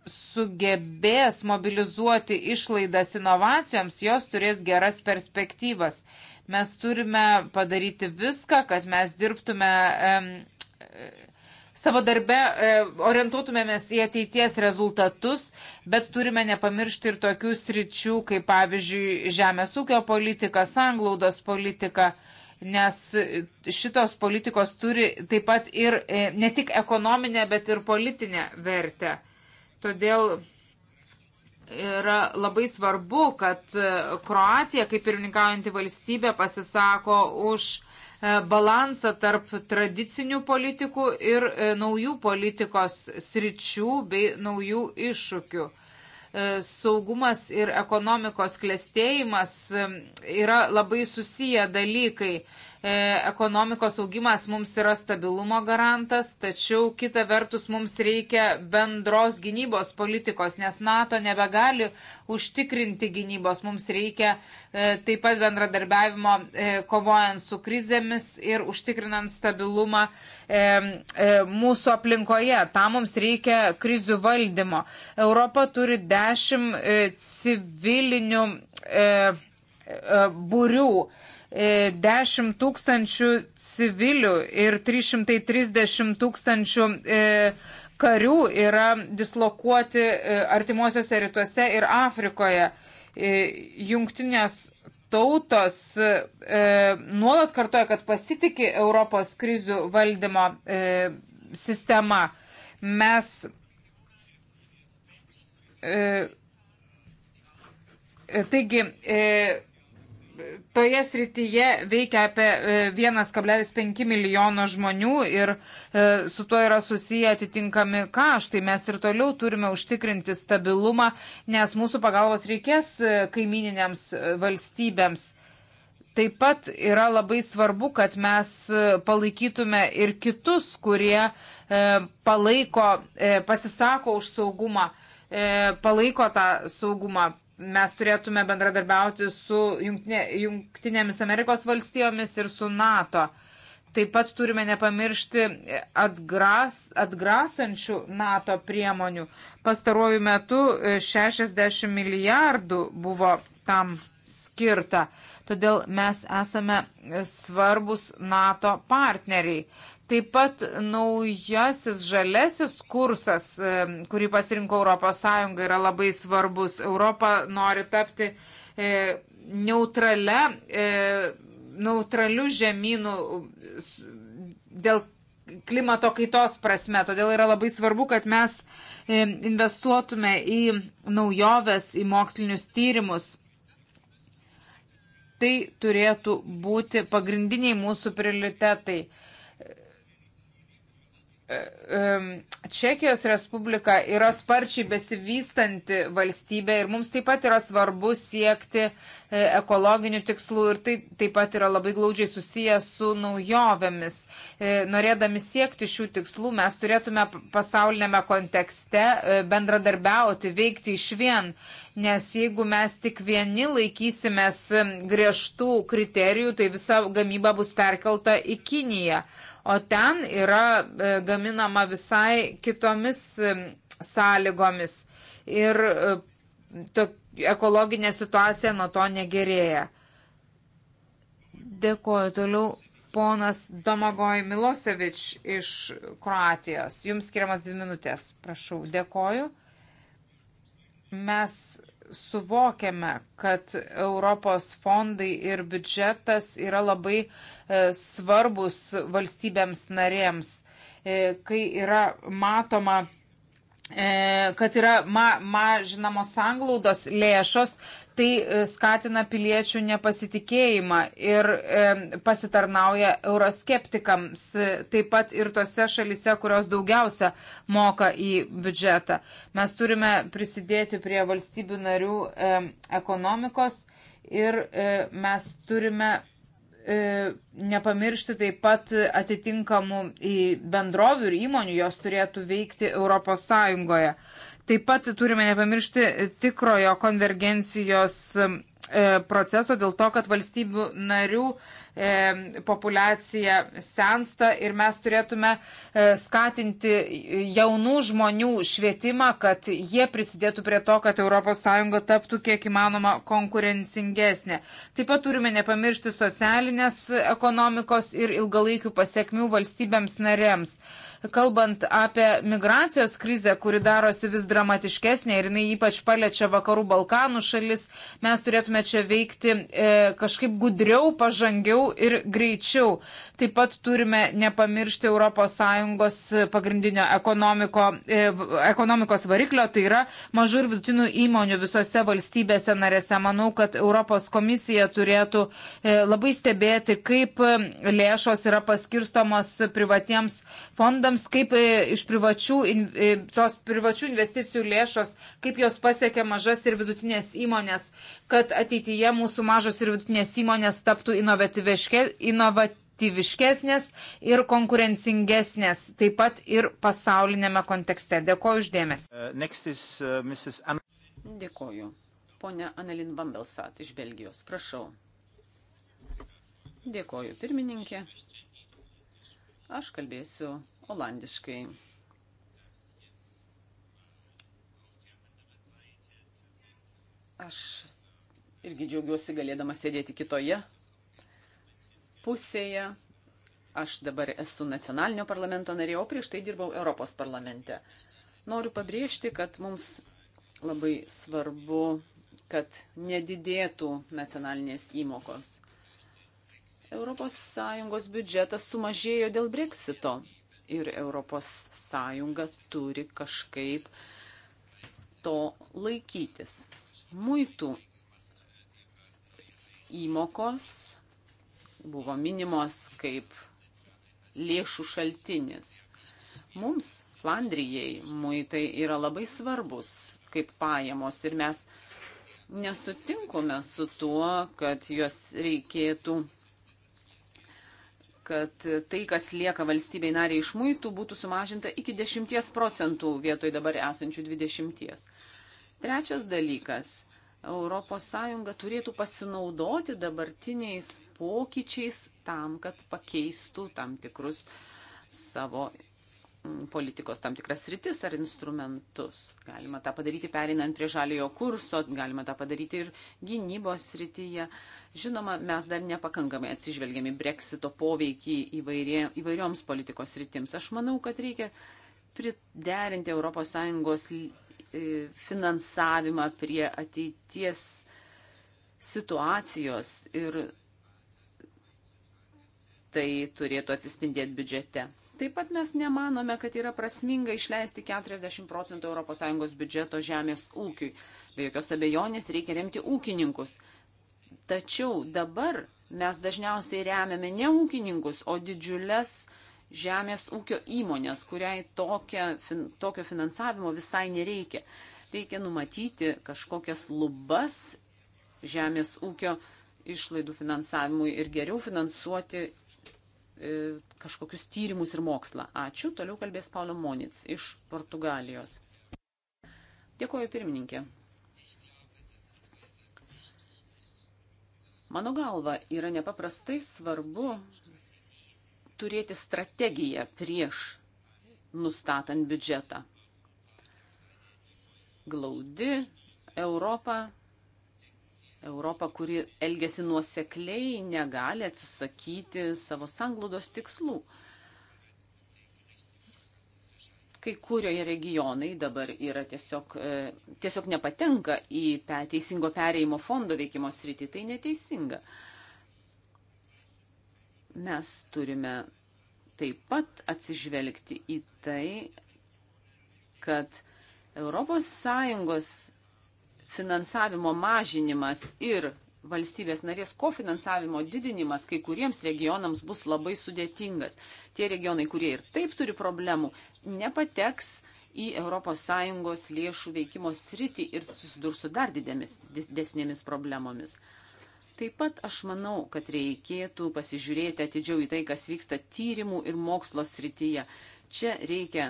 sugebės mobilizuoti išlaidas inovacijoms, jos turės geras perspektyvas. Mes turime padaryti viską, kad mes dirbtume savo darbe e, orientuotumėmės į ateities rezultatus, bet turime nepamiršti ir tokių sričių, kaip pavyzdžiui, žemės ūkio politika, sanglaudos politika, nes šitos politikos turi taip pat ir e, ne tik ekonominę, bet ir politinę vertę. Todėl yra labai svarbu, kad e, Kroatija, kaip pirmininkaujanti valstybė, pasisako už E, balansą tarp tradicinių politikų ir e, naujų politikos sričių bei naujų iššūkių. E, saugumas ir ekonomikos klėstėjimas yra labai susiję dalykai E, ekonomikos augimas mums yra stabilumo garantas, tačiau kita vertus mums reikia bendros gynybos politikos, nes NATO nebegali užtikrinti gynybos, mums reikia e, taip pat bendradarbiavimo e, kovojant su krizėmis ir užtikrinant stabilumą mūsų aplinkoje. Tam mums reikia krizių valdymo. Europa turi dešimt civilinių būrių 10 e, tūkstančių civilių ir 330 tūkstančių e, karių yra dislokuoti e, artimuosiuose rytuose ir Afrikoje. Jungtinės tautos e, nuolat kartoja, kad pasitikė Europos krizių valdymo e, sistema. Mes e, Taigi, e, toje srityje veikia apie 1,5 e, milijono žmonių ir e, su tuo yra susiję atitinkami kaštai. Mes ir toliau turime užtikrinti stabilumą, nes mūsų pagalbos reikės e, kaimininėms valstybėms. Taip pat yra labai svarbu, kad mes palaikytume ir kitus, kurie palaiko, pasisako už saugumą, palaiko tą saugumą mes turėtume bendradarbiauti su Junktinė, Junktinėmis Amerikos valstijomis ir su NATO. Taip pat turime nepamiršti atgras, atgrasančių NATO priemonių. Pastaruoju metu 60 e, milijardų buvo tam skirta. Todėl mes esame svarbus NATO partneriai. Taip pat naujasis žalesis kursas, e, kurį pasirinko ES, yra labai svarbus. Europa nori tapti e, neutrale, neutraliu žemynu dėl klimato kaitos prasme. Todėl yra labai svarbu, kad mes e, investuotume į naujoves, į mokslinius tyrimus tai turėtų būti pagrindiniai mūsų prioritetai. Čekijos Respublika yra sparčiai besivystanti valstybė ir mums taip pat yra svarbu siekti e, ekologinių tikslų ir tai taip pat yra labai glaudžiai susiję su naujovėmis. E, norėdami siekti šių tikslų, mes turėtume pasaulinėme kontekste e, bendradarbiauti, veikti iš vien, nes jeigu mes tik vieni laikysimės griežtų kriterijų, tai visa gamyba bus perkelta į Kiniją o ten yra e, gaminama visai kitomis e, sąlygomis ir e, to, ekologinė situacija nuo to negerėja. Dėkuoju toliau. Ponas Domagoj Milosevič iš Kroatijos. Jums skiriamas dvi minutės. Prašau, dėkoju. Mes suvokiame, kad Europos fondai ir biudžetas yra labai e, svarbus valstybėms narėms, e, kai yra matoma E, kad yra ma, mažinamos sanglaudos lėšos, tai e, skatina piliečių nepasitikėjimą ir e, pasitarnauja euroskeptikams, e, taip pat ir tose šalise, kurios daugiausia moka į biudžetą. Mes turime prisidėti prie valstybių narių e, ekonomikos ir e, mes turime E, nepamiršti taip pat atitinkamų bendrovių ir įmonių, jos turėtų veikti ES. Taip pat turime nepamiršti tikrojo konvergencijos E, proceso dėl to, kad valstybių narių e, populiacija sensta ir mes turėtume e, skatinti jaunų žmonių švietimą, kad jie prisidėtų prie to, kad ES taptų kiek įmanoma konkurencingesnė. Taip pat turime nepamiršti socialinės ekonomikos ir ilgalaikių pasiekmių valstybėms narėms. Kalbant apie migracijos krizę, kuri darosi vis dramatiškesnė ir jinai ypač paliečia vakarų Balkanų šalis, mes turėtume turėtume čia veikti e, kažkaip gudriau, pažangiau ir greičiau. Taip pat turime nepamiršti ES e, pagrindinio ekonomiko, e, ekonomikos variklio, tai yra mažų ir vidutinių įmonių visose valstybėse narėse. Manau, kad Europos komisija turėtų e, labai stebėti, kaip lėšos yra paskirstomos privatiems fondams, kaip iš privačių, tos privačių investicijų lėšos, kaip jos pasiekia mažas ir vidutinės įmonės, kad ateityje mūsų mažos ir vidutinės įmonės taptų inovatyvesnės efektyviškesnės ir konkurencingesnės, taip pat ir pasaulinėme kontekste. Dėkoju uždėmesi. Uh, uh Dėkoju. Pone Annelin Bambelsat iš Belgijos, prašau. Dėkoju, pirmininkė. Aš kalbėsiu olandiškai. Aš irgi džiaugiuosi galėdama sėdėti kitoje pusėje. Aš dabar esu nacionalinio parlamento narė, o prieš tai dirbau Europos parlamente. Noriu pabrėžti, kad mums labai svarbu, kad nedidėtų nacionalinės įmokos. ES biudžetas sumažėjo dėl breksito ir ES turi kažkaip to laikytis. Muitų įmokos buvo minimos kaip lėšų šaltinis. Mums, Flandrijai, muitai yra labai svarbus kaip pajamos ir mes nesutinkome su tuo, kad jos reikėtų kad tai, kas lieka valstybei nariai iš muitų, būtų sumažinta iki 10 procentų vietoj dabar esančių 20. Trečias dalykas ES turėtų pasinaudoti dabartiniais pokyčiais tam, kad pakeistų tam tikrus savo mm, politikos tam tikras rytis ar instrumentus. Galima tą padaryti pereinant prie žaliojo kurso, galima tą padaryti ir gynybos rytyje. Žinoma, mes dar nepakankamai atsižvelgiami breksito poveikį įvairie, įvairioms politikos rytims. Aš manau, kad reikia priderinti ES finansavimą, prie ateities situacijos ir tai turėtų atsispindėti biudžete. Taip pat mes nemanome, kad yra prasminga išleisti 40 procentų ES biudžeto žemės ūkiui. Be jokios abejonės reikia remti ūkininkus. Tačiau dabar mes dažniausiai remiame ne ūkininkus, o didžiulės uh, žemės ūkio įmonės, kuriai tokia, fin, tokio finansavimo visai nereikia. Reikia numatyti kažkokias lubas žemės ūkio išlaidų finansavimui ir geriau finansuoti e, kažkokius tyrimus ir mokslą. Ačiū. Toliau kalbės Paulo Monic iš Portugalijos. Dėkuoju pirmininkė. Mano galva yra nepaprastai svarbu turėti strategiją prieš nustatant biudžetą. Glaudi Europa, Europa, kuri elgesi nuosekliai, negali atsisakyti savo sanglaudos tikslų. Kai kurioje regionai dabar yra tiesiog, e, tiesiog nepatenka į teisingo pereimo fondo veikimo sritį, tai neteisinga. Mes turime taip pat atsižvelgti į tai, kad ES finansavimo mažinimas ir valstybės narės kofinansavimo didinimas kai kuriems regionams bus labai sudėtingas. Tie regionai, kurie ir taip turi problemų, nepateks į ES lėšų veikimo sritį ir susidurs su dar didesnėmis problemomis. Taip pat aš manau, kad reikėtų pasižiūrėti atidžiau į tai, kas vyksta tyrimų ir mokslo srityje. Čia reikia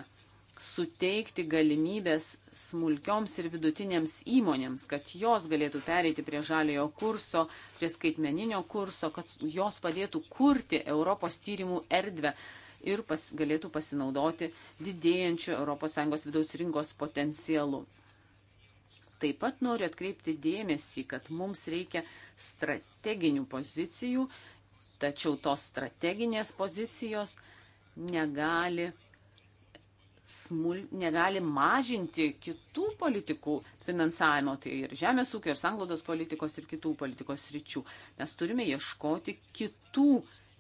suteikti galimybės smulkioms ir vidutinėms įmonėms, kad jos galėtų pereiti prie žaliojo kurso, prie skaitmeninio kurso, kad jos padėtų kurti Europos tyrimų erdvę ir pas, galėtų pasinaudoti didėjančiu ES vidaus rinkos potencialu taip pat noriu atkreipti dėmesį, kad mums reikia strateginių pozicijų, tačiau tos strateginės pozicijos negali, smul, negali mažinti kitų politikų finansavimo, tai ir žemės ūkio, ir sanglaudos politikos, ir kitų politikos ryčių. Mes turime ieškoti kitų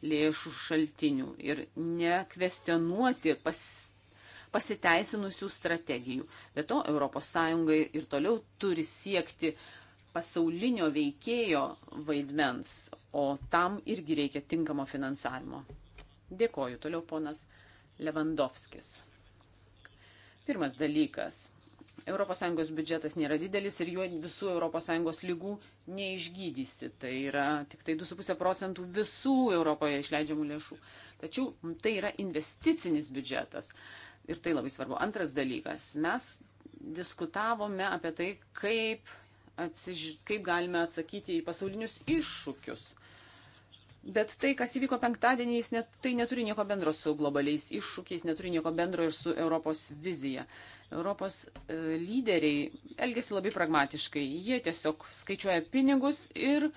lėšų šaltinių ir nekvestionuoti pas, pasiteisinusių strategijų. Be to, ES ir toliau turi siekti pasaulinio veikėjo vaidmens, o tam irgi reikia tinkamo finansavimo. Dėkoju. Toliau ponas Levandovskis. Pirmas dalykas. ES biudžetas nėra didelis ir juo visų ES lygų neišgydysi. Tai yra tik tai 2,5 procentų visų Europoje išleidžiamų lėšų. Tačiau tai yra investicinis biudžetas. Uh, Ir tai labai svarbu. Antras dalykas. Mes diskutavome apie tai, kaip, atsiž... kaip galime atsakyti į pasaulinius iššūkius. Bet tai, kas įvyko penktadienį, net, tai neturi nieko bendro su globaliais iššūkiais, neturi nieko bendro ir su Europos vizija. Europos e, lyderiai elgesi labai pragmatiškai. Jie tiesiog skaičiuoja pinigus ir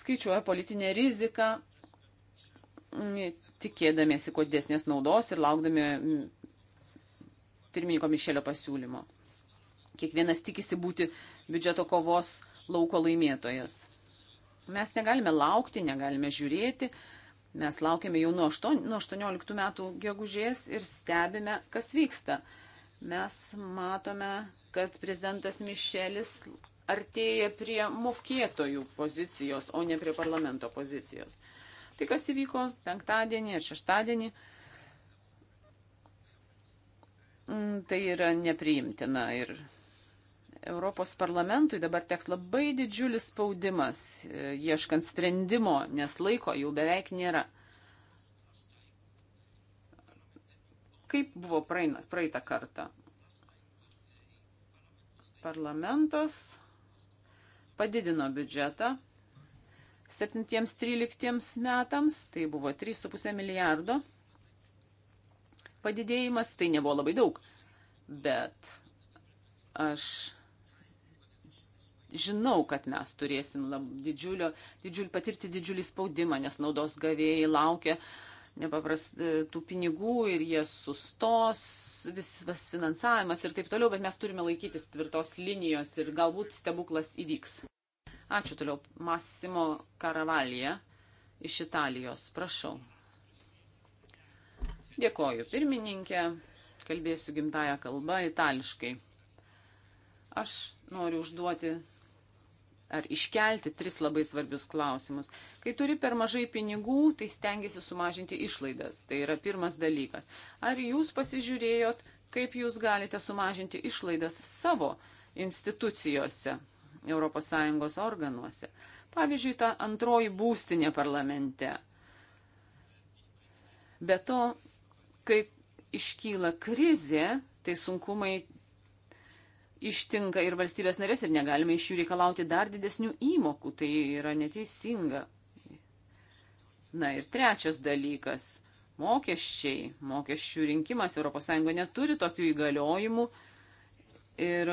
skaičiuoja politinę riziką, tikėdamiesi kuo didesnės naudos ir laukdami pirmininko Mišelio pasiūlymo. Kiekvienas tikisi būti biudžeto kovos lauko laimėtojas. Mes negalime laukti, negalime žiūrėti. Mes laukiame jau nuo 18 metų gegužės ir stebime, kas vyksta. Mes matome, kad prezidentas Mišelis artėja prie mokėtojų pozicijos, o ne prie parlamento pozicijos. Tai kas įvyko penktadienį ir šeštadienį, Mm, tai yra nepriimtina ir Europos parlamentui dabar teks labai didžiulis spaudimas e, ieškant sprendimo, nes laiko jau beveik nėra. Kaip buvo praeina, praeitą kartą? Parlamentas padidino biudžetą 7-13 metams, tai buvo 3,5 milijardo padidėjimas, tai nebuvo labai daug. Bet aš žinau, kad mes turėsim lab, didžiulio, didžiulį, patirti didžiulį spaudimą, nes naudos gavėjai laukia nepaprastų e, pinigų ir jie sustos, visas finansavimas ir taip toliau, bet mes turime laikytis tvirtos linijos ir galbūt stebuklas įvyks. Ačiū toliau, Massimo Karavalija iš Italijos, prašau. Dėkoju pirmininkė, kalbėsiu gimtają kalbą itališkai. Aš noriu užduoti ar iškelti tris labai svarbius klausimus. Kai turi per mažai pinigų, tai stengiasi sumažinti išlaidas. Tai yra pirmas dalykas. Ar jūs pasižiūrėjot, kaip jūs galite sumažinti išlaidas savo institucijose, ES organuose? Pavyzdžiui, ta antroji būstinė parlamente. Be to, kai iškyla krizė, tai sunkumai ištinka ir valstybės narės ir negalime iš jų reikalauti dar didesnių įmokų. Tai yra neteisinga. Na ir trečias dalykas - mokesčiai. Mokesčių rinkimas ES neturi tokių įgaliojimų ir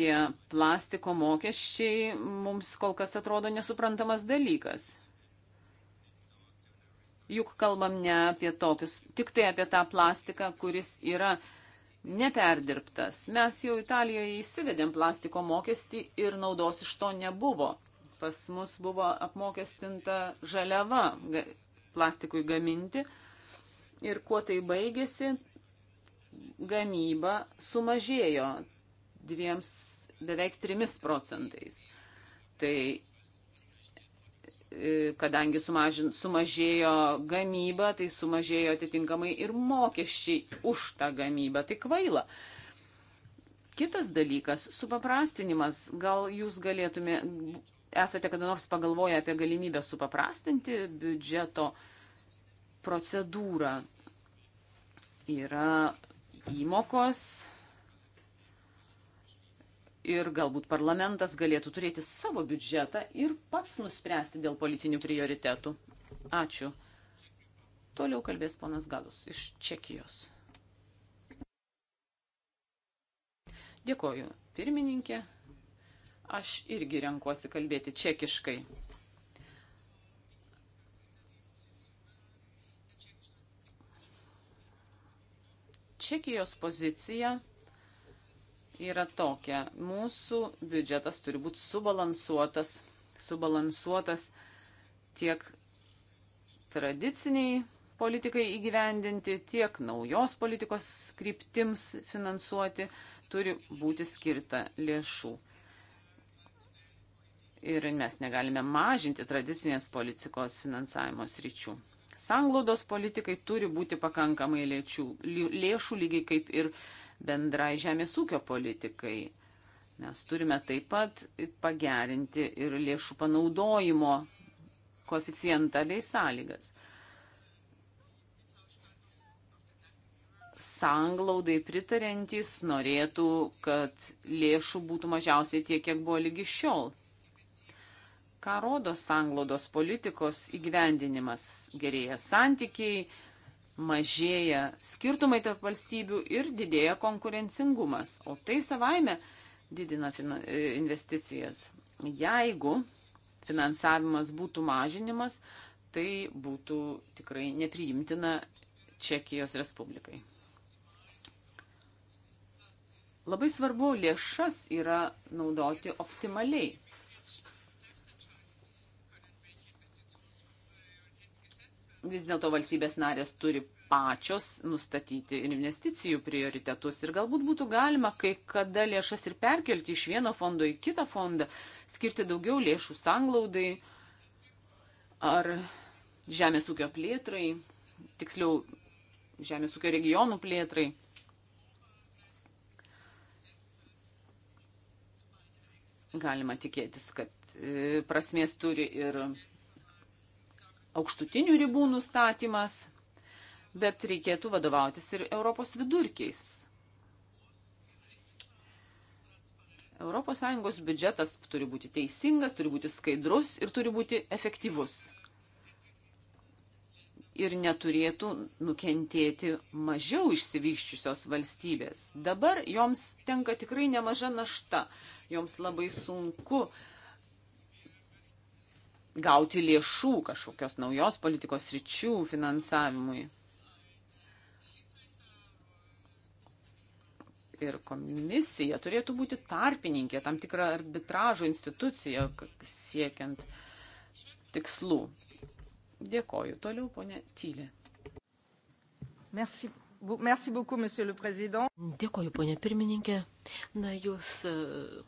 tie plastiko mokesčiai mums kol kas atrodo nesuprantamas dalykas. Juk kalbam ne apie tokius, tik tai apie tą plastiką, kuris yra neperdirbtas. Mes jau Italijoje įsivedėm plastiko mokestį ir naudos iš to nebuvo. Pas mus buvo apmokestinta žaliava plastikui gaminti. Ir kuo tai baigėsi, gamyba sumažėjo dviems, beveik trimis procentais. Tai E, kadangi sumažin, sumažėjo gamyba, tai sumažėjo atitinkamai ir mokesčiai už tą gamybą. Tai kvaila. Kitas dalykas - supaprastinimas. Gal jūs galėtume, esate kada nors pagalvoję apie galimybę supaprastinti biudžeto procedūrą? Yra įmokos, ir galbūt parlamentas galėtų turėti savo biudžetą ir pats nuspręsti dėl politinių prioritetų. Ačiū. Toliau kalbės ponas Galus iš Čekijos. Dėkoju, pirmininkė. Aš irgi renkuosi kalbėti čekiškai. Čekijos pozicija yra tokia. Mūsų biudžetas turi būti subalansuotas, subalansuotas tiek tradiciniai politikai įgyvendinti, tiek naujos politikos kryptims finansuoti turi būti skirta lėšų. Ir mes negalime mažinti tradicinės politikos finansavimo sričių. Sanglaudos politikai turi būti pakankamai lėčių, lėšų lygiai kaip ir uh, bendrai žemės ūkio politikai. Mes turime taip pat pagerinti ir lėšų panaudojimo koeficientą bei sąlygas. Sanglaudai pritarintys norėtų, kad lėšų būtų mažiausiai tiek, kiek buvo lygi šiol. Ką rodo sanglaudos politikos įgyvendinimas? Gerėja santykiai, mažėja skirtumai tarp valstybių ir didėja konkurencingumas, o tai savaime didina e, investicijas. Jeigu finansavimas būtų mažinimas, tai būtų tikrai nepriimtina Čekijos Respublikai. Labai svarbu lėšas yra naudoti optimaliai. vis dėlto valstybės narės turi pačios nustatyti investicijų prioritetus ir galbūt būtų galima kai kada lėšas ir perkelti iš vieno fondo į kitą fondą, skirti daugiau lėšų sanglaudai ar žemės ūkio plėtrai, tiksliau žemės ūkio regionų plėtrai. Galima tikėtis, kad e, prasmės turi ir aukštutinių ribų nustatymas, bet reikėtų vadovautis ir Europos vidurkiais. ES biudžetas turi būti teisingas, turi būti skaidrus ir turi būti efektyvus. Ir neturėtų nukentėti mažiau išsivyščiusios valstybės. Dabar joms tenka tikrai nemaža našta, joms labai sunku uh, gauti lėšų kažkokios naujos politikos ryčių finansavimui. ir komisija turėtų būti tarpininkė, tam tikra arbitražo institucija siekiant tikslų. Dėkoju. Toliau, ponė Tylė. Merci. Dėkoju, ponė pirmininkė. Na, jūs, e,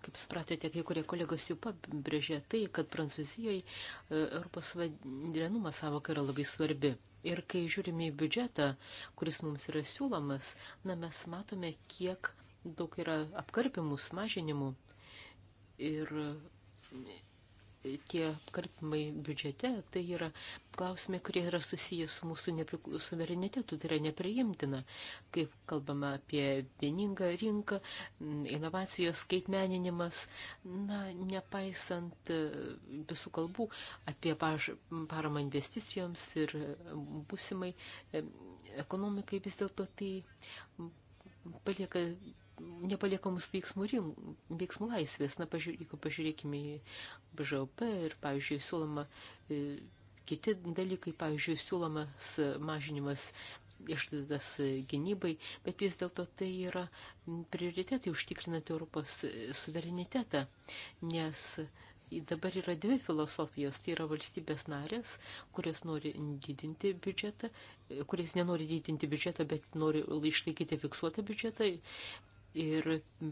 kaip supratote, kai kurie kolegos jau pabrėžė tai, kad Prancūzijoje Europos vandenumo savoka yra labai svarbi. Ir kai žiūrime į biudžetą, kuris mums yra siūlomas, na, mes matome, kiek daug yra apkarpimų, sumažinimų. Ir tie karpimai biudžete, tai yra klausimai, kurie yra susijęs su mūsų suverenitetu, tai yra nepriimtina, kaip kalbama apie vieningą rinką, inovacijos skaitmeninimas, na, nepaisant e, visų kalbų apie paramą investicijoms ir e, būsimai e, ekonomikai vis dėlto tai palieka nepalieka mums veiksmų, rim, veiksmų laisvės. Na, pažiūrė, jeigu pažiūrėkime į BŽOP ir, pavyzdžiui, siūloma e, kiti dalykai, pavyzdžiui, siūlomas mažinimas išlaidas gynybai, bet vis dėlto tai yra prioritetai užtikrinant Europos suverenitetą, nes dabar yra dvi filosofijos, tai yra valstybės narės, kurios nori didinti biudžetą, e, kurios nenori didinti biudžetą, bet nori išlaikyti fiksuotą biudžetą ir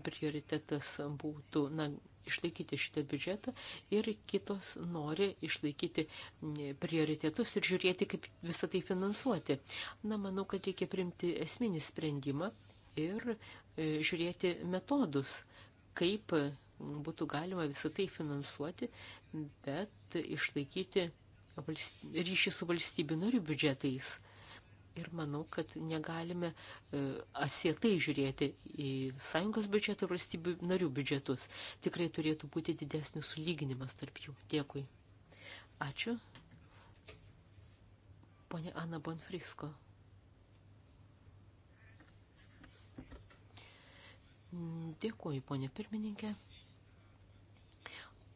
prioritetas būtų na, išlaikyti šitą biudžetą ir kitos nori išlaikyti prioritetus ir žiūrėti, kaip visą tai finansuoti. Na, manau, kad reikia primti esminį sprendimą ir e, žiūrėti metodus, kaip būtų galima visą tai finansuoti, bet išlaikyti ryšį su valstybių narių biudžetais Ir manau, kad negalime e, asietai žiūrėti į sąjungos biudžetą ir valstybių narių biudžetus. Tikrai turėtų būti didesnis sulyginimas tarp jų. Dėkui. Ačiū. Pone Ana Bonfrisko. Dėkuoju, ponė pirmininkė.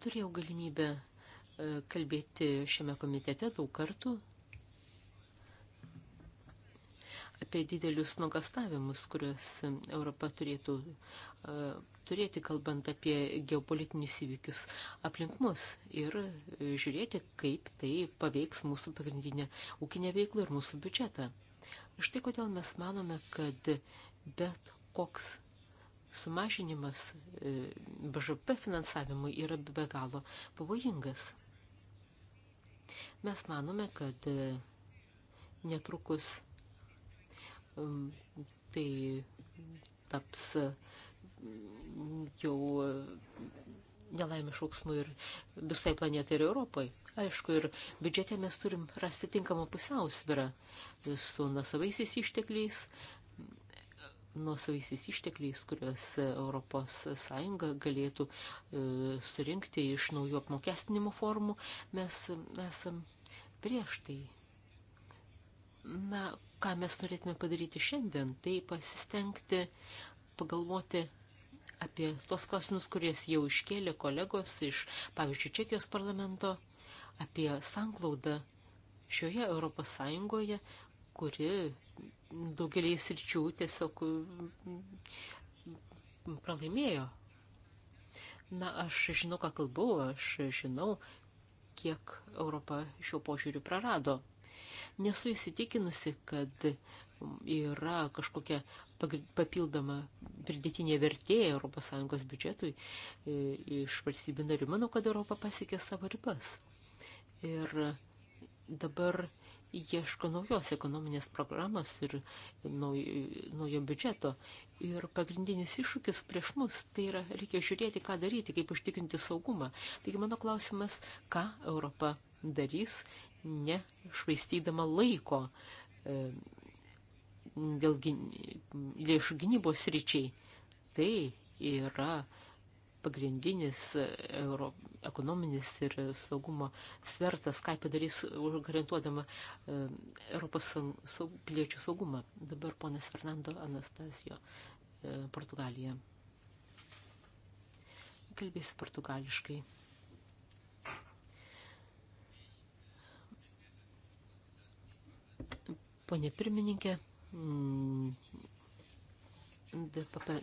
Turėjau galimybę e, kalbėti šiame komitete daug kartų apie didelius nuogastavimus, kuriuos Europa turėtų e, turėti, kalbant apie geopolitinius įvykius aplink mus ir e, žiūrėti, kaip tai paveiks mūsų pagrindinę ūkinę veiklą ir mūsų biudžetą. Štai kodėl mes manome, kad bet koks sumažinimas e, BŽP finansavimui yra be galo pavojingas. Mes manome, kad netrukus tai taps jau nelaimė šauksmų ir visai planetai ir Europai. Aišku, ir biudžete mes turim rasti tinkamą pusiausvyrą su nusavaisiais ištekliais, nusavaisiais ištekliais, kuriuos ES galėtų e, surinkti iš naujų apmokestinimo formų. Mes esam prieš tai Na, ką mes norėtume padaryti šiandien, tai pasistengti pagalvoti apie tos klausimus, kurias jau iškėlė kolegos iš, pavyzdžiui, Čekijos parlamento, apie sanklaudą šioje Europos Sąjungoje, kuri daugelį sričių tiesiog mm, pralaimėjo. Na, aš žinau, ką kalbu, aš žinau, kiek Europa šiuo požiūriu prarado. Nesu įsitikinusi, kad yra kažkokia papildoma pridėtinė vertė ES biudžetui e, iš valstybių narių. Manau, kad Europa pasiekė savo ribas. Ir dabar ieško naujos ekonominės programos ir naujo, naujo biudžeto. Ir pagrindinis iššūkis prieš mus tai yra, reikia žiūrėti, ką daryti, kaip užtikrinti saugumą. Taigi mano klausimas, ką Europa darys ne švaistydama laiko e, dėl lėšų gynybos ryčiai. Tai yra pagrindinis e, euro, ekonominis ir saugumo svertas, ką padarys garantuodama e, Europos saug, piliečių saugumą. Dabar ponas Fernando Anastasio, Portugalija. Kalbėsiu portugališkai. Pone pirmininkė, mm, DPP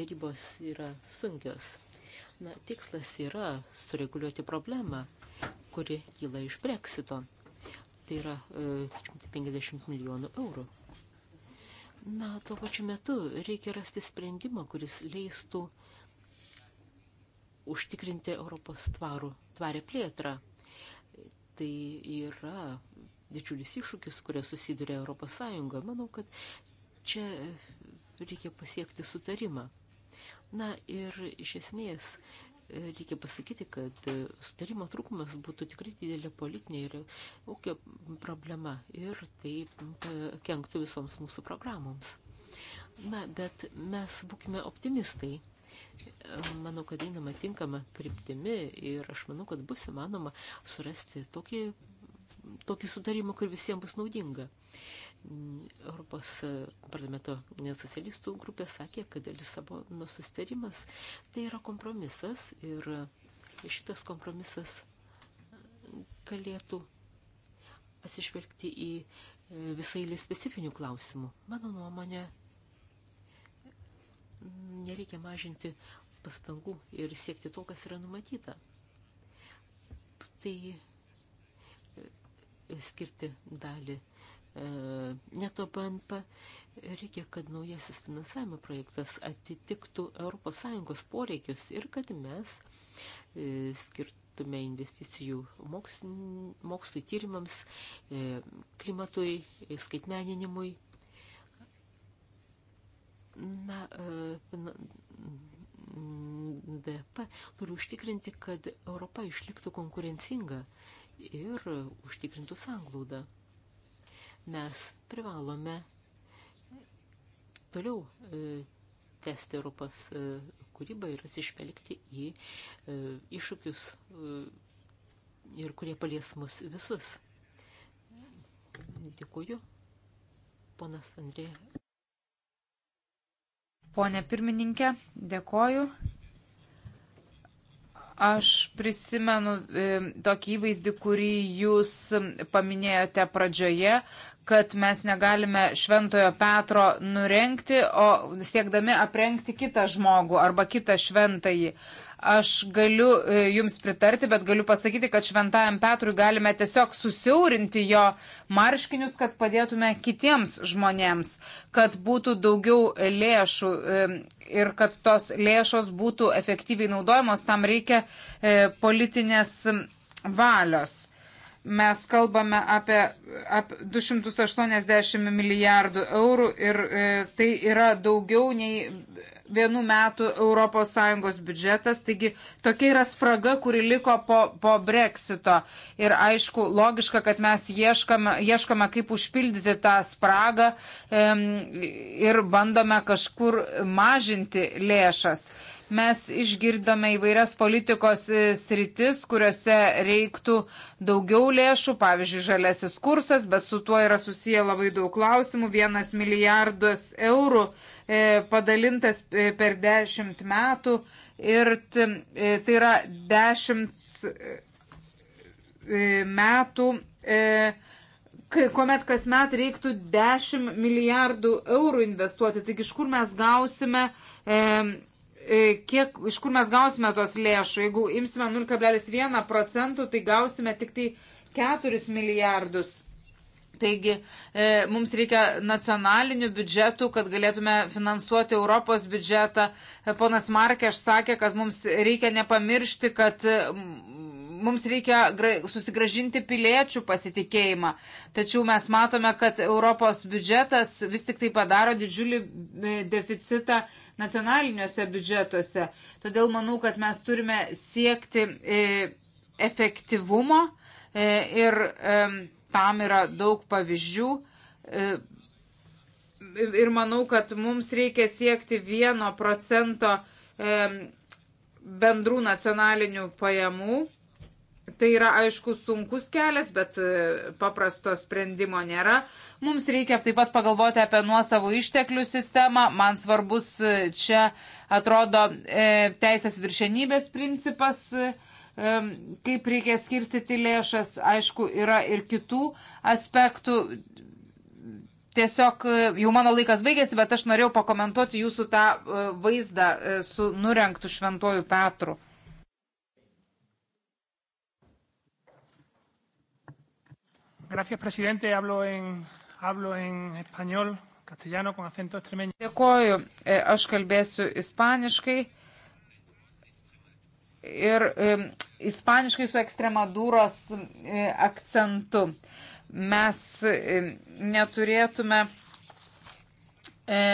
dėrybos yra sunkios. Na, tikslas yra sureguliuoti problemą, kuri kyla iš Brexito. Tai yra 350 e, milijonų eurų. Na, tuo pačiu metu reikia rasti sprendimą, kuris leistų užtikrinti Europos tvarų, tvarę plėtrą. Tai yra didžiulis iššūkis, kurio susiduria Europos Sąjunga. Manau, kad čia reikia pasiekti sutarimą. Na ir iš esmės e, reikia pasakyti, kad e, sutarimo trūkumas būtų tikrai didelė politinė ir ūkio problema ir tai kenktų visoms mūsų programoms. Na, bet mes būkime optimistai. Manau, kad einama tinkama kryptimi ir aš manau, kad bus įmanoma surasti tokį tokį sutarimą, kur visiems bus naudinga. Europos parlamento socialistų grupė sakė, kad Lisabono sustarimas tai yra kompromisas ir šitas kompromisas galėtų pasižvelgti į e, visai specifinių klausimų. Mano nuomonė, nereikia mažinti pastangų ir siekti to, kas yra numatyta. Tai skirti dalį e, neto BNP, reikia, kad naujasis finansavimo projektas atitiktų ES poreikius ir kad mes e, skirtume investicijų mokslui, tyrimams, e, klimatui, skaitmeninimui. Na, DP turi užtikrinti, kad Europa išliktų konkurencinga ir užtikrintų sanglaudą. Mes privalome toliau e, tęsti Europos e, kūrybą ir atsižvelgti į e, iššūkius ir kurie palies mus visus. Dėkuoju, ponas Andrė. Pone pirmininkė, dėkoju. Aš prisimenu e, tokį įvaizdį, kurį jūs paminėjote pradžioje, kad mes negalime Šventojo Petro nurenkti, o siekdami aprengti kitą žmogų arba kitą šventąjį. Aš galiu e, jums pritarti, bet galiu pasakyti, kad Šventajam Petrui galime tiesiog susiaurinti jo marškinius, kad padėtume kitiems žmonėms, kad būtų daugiau lėšų e, ir kad tos lėšos būtų efektyviai naudojamos, tam reikia e, politinės valios mes kalbame apie, apie 280 milijardų eurų ir e, tai yra daugiau nei vienų metų ES biudžetas. Taigi tokia yra spraga, kuri liko po, po breksito. Ir aišku, logiška, kad mes ieškame, ieškame kaip užpildyti tą spragą e, ir bandome kažkur mažinti lėšas. E, mes išgirdome įvairias politikos e, sritis, kuriuose reiktų daugiau lėšų, pavyzdžiui, žalesis kursas, bet su tuo yra susiję labai daug klausimų. Vienas milijardas eurų e, padalintas e, per dešimt metų ir tai yra dešimt metų kuomet kasmet reiktų 10 milijardų eurų investuoti. Tik iš kur mes gausime e, E, kiek, iš kur mes gausime tos lėšų. Jeigu imsime 0,1 procentų, tai gausime tik tai 4 milijardus. Taigi e, mums reikia nacionalinių biudžetų, kad galėtume finansuoti Europos biudžetą. E, ponas Markeš sakė, kad mums reikia nepamiršti, kad e, mums reikia susigražinti piliečių pasitikėjimą. Tačiau mes matome, kad Europos biudžetas vis tik tai padaro didžiulį deficitą nacionaliniuose biudžetuose. Todėl manau, kad mes turime siekti e, efektyvumo e, ir e, tam yra daug pavyzdžių ir manau, kad mums reikia siekti vieno procento bendrų nacionalinių pajamų. Tai yra, aišku, sunkus kelias, bet e, paprasto sprendimo nėra. Mums reikia taip pat pagalvoti apie nuosavų išteklių sistemą. Man svarbus e, čia atrodo e, teisės viršenybės principas, kaip reikia skirstyti lėšas. Aišku, yra ir kitų aspektų. Tiesiog jau mano laikas baigėsi, bet aš norėjau pakomentuoti jūsų tą vaizdą su nurenktų šventuoju Petru. Gracias, presidente. Hablo en, hablo en español, castellano, con acento extremeño. Dėkoju. E, aš kalbėsiu ispaniškai. Ir e, ispaniškai su ekstremadūros e, akcentu. Mes e, neturėtume e,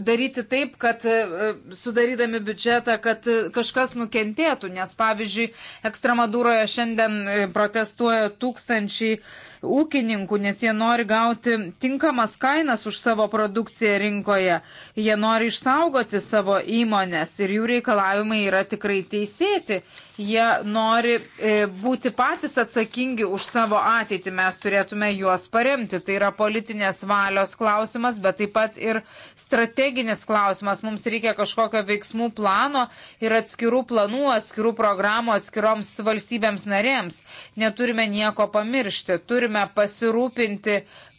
daryti taip, kad e, sudarydami biudžetą, kad e, kažkas nukentėtų, nes pavyzdžiui, Ekstramaduroje šiandien e, protestuoja tūkstančiai ūkininkų, nes jie nori gauti tinkamas kainas už savo produkciją rinkoje. Jie nori išsaugoti savo įmonės ir jų reikalavimai yra tikrai teisėti. Jie nori e, būti patys atsakingi už savo ateitį. Mes turėtume juos paremti. Tai yra politinės valios klausimas, bet taip pat ir strateginis klausimas. Mums reikia kažkokio veiksmų plano ir atskirų planų, atskirų programų atskiroms valstybėms narėms. Neturime nieko pamiršti. Turime turime pasirūpinti,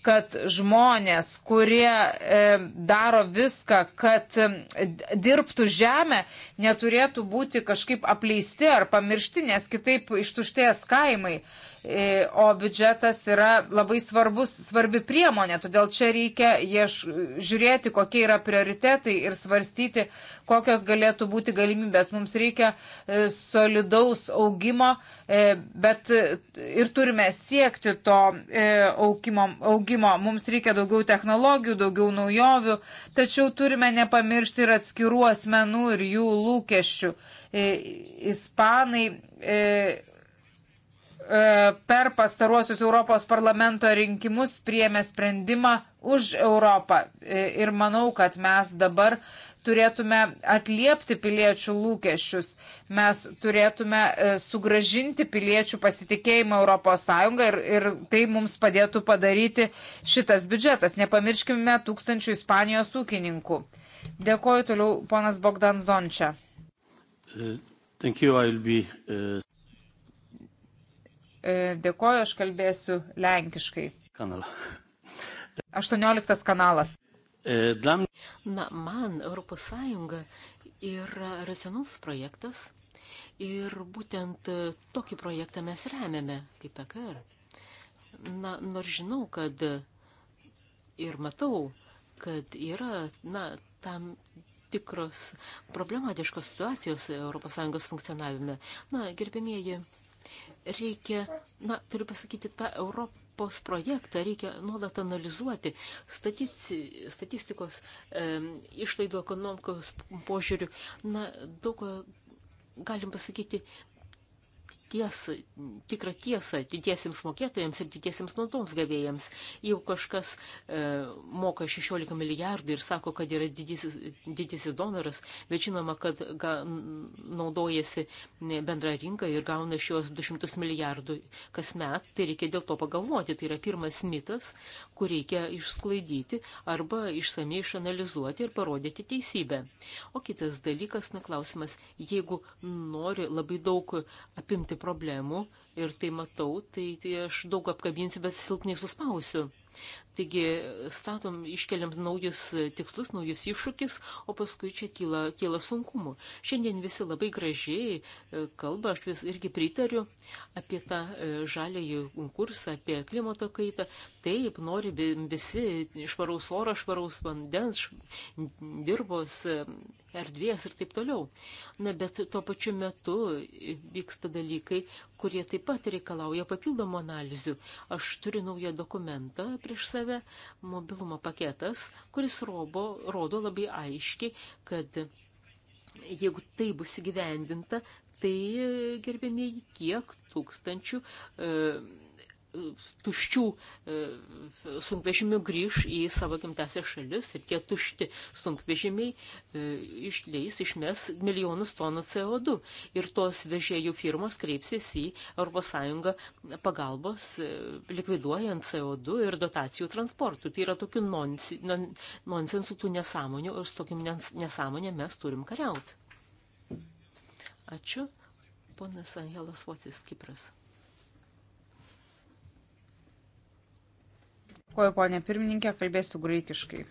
kad žmonės, kurie e, daro viską, kad e, dirbtų žemę, neturėtų būti kažkaip apleisti ar pamiršti, nes kitaip ištuštės kaimai. E, E, o biudžetas yra labai svarbus, svarbi priemonė, todėl čia reikia ieš, žiūrėti, kokie yra prioritetai ir svarstyti, kokios galėtų būti galimybės. Mums reikia e, solidaus augimo, e, bet ir turime siekti to augimo. augimo. Mums reikia daugiau technologijų, daugiau naujovių, tačiau turime nepamiršti ir atskirų asmenų ir jų lūkesčių. Ispanai E, per pastaruosius Europos parlamento rinkimus priėmė sprendimą už Europą. E, ir manau, kad mes dabar turėtume atliepti piliečių lūkesčius. Mes turėtume e, sugražinti piliečių pasitikėjimą ES ir, ir tai mums padėtų padaryti šitas biudžetas. Nepamirškime tūkstančių Ispanijos ūkininkų. Dėkoju toliau ponas Bogdan Zončia. Uh, be, uh... E, dėkoju, aš kalbėsiu lenkiškai. Kanalą. 18 kanalas. E, na, man ES yra racionalus projektas ir būtent tokį projektą mes remiame kaip EKR. Na, nors žinau, kad ir matau, kad yra, na, tam tikros problematiškos situacijos ES funkcionavime. Na, gerbėmieji, Reikia, na, turiu pasakyti, tą Europos projektą reikia nuolat analizuoti. Statici, statistikos e, išlaidų ekonomikos požiūrių, na, daug galim pasakyti, tiesą, tikrą tiesą didiesiems mokėtojams ir didiesiems naudoms gavėjams. Jau kažkas e, moka 16 milijardų ir sako, kad yra didysis, didysis donoras, bet žinoma, kad ga, naudojasi bendrą rinką ir gauna šios 200 milijardų kasmet, tai reikia dėl to pagalvoti. Tai yra pirmas mitas, kur reikia išsklaidyti arba išsamei išanalizuoti ir parodyti teisybę. O kitas dalykas, na klausimas, jeigu nori labai daug apimti problemų ir tai matau, tai, tai aš daug apkabinsiu, bet silpnai suspausiu. Taigi statom, iškeliam naujus tikslus, naujus iššūkis, o paskui čia kyla, kyla sunkumų. Šiandien visi labai gražiai e, kalba, aš vis irgi pritariu apie tą e, žalėjį kursą, apie klimato kaitą. Taip, nori visi švaraus oro, švaraus vandens, dirbos, e, erdvės ir taip toliau. Na, bet tuo pačiu metu vyksta dalykai, kurie taip pat reikalauja papildomų analizių. Aš turiu naują dokumentą prieš save, mobilumo paketas, kuris robo, rodo labai aiškiai, kad jeigu tai bus įgyvendinta, tai gerbėmieji kiek tūkstančių. E, tuščių e, sunkvežimių grįž į savo gimtasią šalis ir tie tušti sunkvežimiai e, išleis, išmes milijonus tonų CO2. Ir tos vežėjų firmos kreipsis į ES pagalbos e, likviduojant CO2 ir dotacijų transportų. Tai yra tokių nonsensų, non, nonsensų tų nesąmonių ir su tokiam nesąmonėm mes turim kariauti. Ačiū. Ponas Angelas Vocis, Kipras. Dėkuoju, ponė pirmininkė, kalbėsiu graikiškai.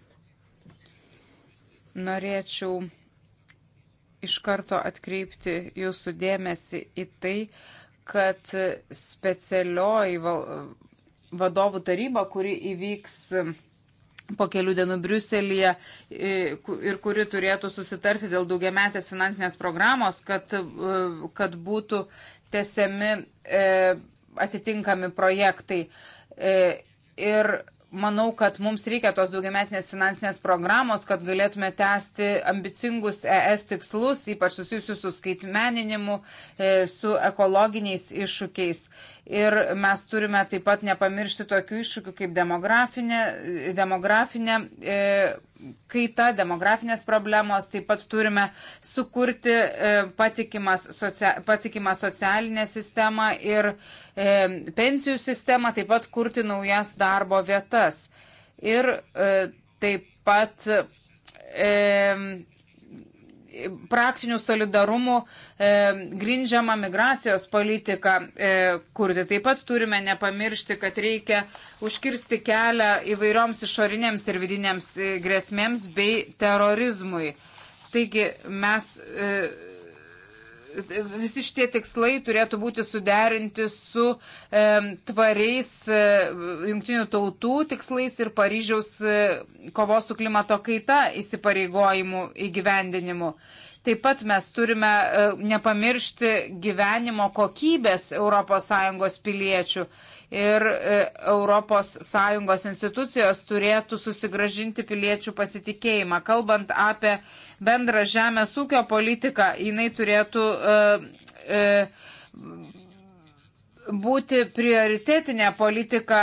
Norėčiau iš karto atkreipti jūsų dėmesį į tai, kad specialioji vadovų taryba, kuri įvyks po kelių dienų Briuselėje ir kuri turėtų susitarti dėl daugiametės finansinės programos, kad, e, kad būtų tesiami e, atitinkami projektai. E, Ir manau, kad mums reikia tos daugiametinės finansinės programos, kad galėtume tęsti ambicingus ES tikslus, ypač susijusius su skaitmeninimu, e, su ekologiniais iššūkiais. Ir mes turime taip pat nepamiršti tokių iššūkių kaip demografinė, demografinė e, kaita, demografinės problemos, taip pat turime sukurti e, patikimą, socia, patikimą socialinę sistemą ir e, pensijų sistemą, taip pat kurti naujas darbo vietas. Ir e, taip pat e, praktinių solidarumų e, grindžiamą migracijos politiką e, kurti. Taip pat turime nepamiršti, kad reikia užkirsti kelią įvairioms išorinėms ir vidinėms e, grėsmėms bei terorizmui. Taigi mes. E, visi šitie tikslai turėtų būti suderinti su e, tvariais e, jungtinių tautų tikslais ir Paryžiaus e, kovos su klimato kaita įsipareigojimu įgyvendinimu. E, Taip pat mes turime e, nepamiršti gyvenimo kokybės ES piliečių ir ES institucijos turėtų susigražinti piliečių pasitikėjimą. Kalbant apie bendrą žemės ūkio politiką, jinai turėtų e, e, būti prioritetinė politika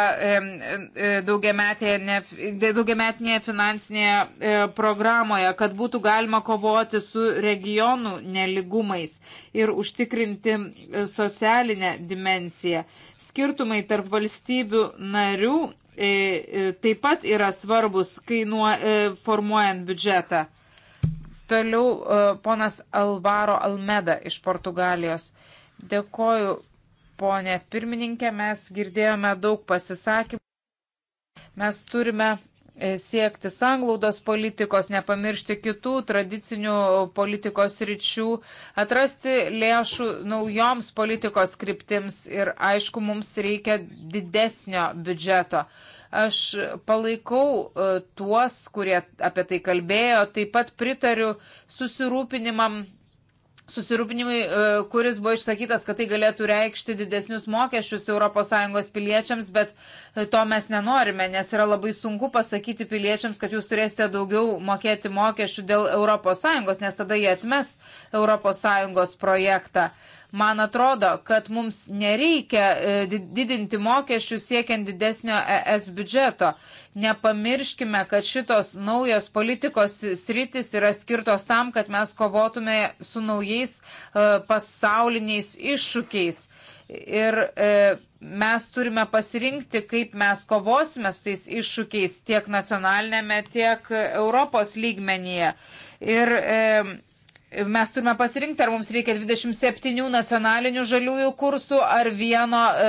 e, daugiametinėje finansinėje e, programoje, kad būtų galima kovoti su regionų neligumais ir užtikrinti e, socialinę dimensiją. Skirtumai tarp valstybių narių taip pat yra svarbus, kai nuo, formuojant biudžetą. Toliau ponas Alvaro Almeda iš Portugalijos. Dėkoju ponė pirmininkė, mes girdėjome daug pasisakymų. Mes turime e, siekti sanglaudos politikos, nepamiršti kitų tradicinių politikos ryčių, atrasti lėšų naujoms politikos kryptims ir aišku, mums reikia didesnio biudžeto. Aš palaikau e, tuos, kurie apie tai kalbėjo, taip pat pritariu susirūpinimam susirūpinimui, e, kuris buvo išsakytas, kad tai galėtų reikšti didesnius mokesčius ES piliečiams, bet e, to mes nenorime, nes yra labai sunku pasakyti piliečiams, kad jūs turėsite daugiau mokėti mokesčių dėl ES, nes tada jie atmes ES projektą. Man atrodo, kad mums nereikia e, didinti mokesčių siekiant didesnio ES biudžeto. Nepamirškime, kad šitos naujos politikos sritis yra skirtos tam, kad mes kovotume su naujais e, pasauliniais iššūkiais. Ir e, mes turime pasirinkti, kaip mes kovosime su tais iššūkiais tiek nacionalinėme, tiek Europos lygmenyje. Ir e, mes turime pasirinkti, ar mums reikia 27 nacionalinių žaliųjų kursų ar vieno e,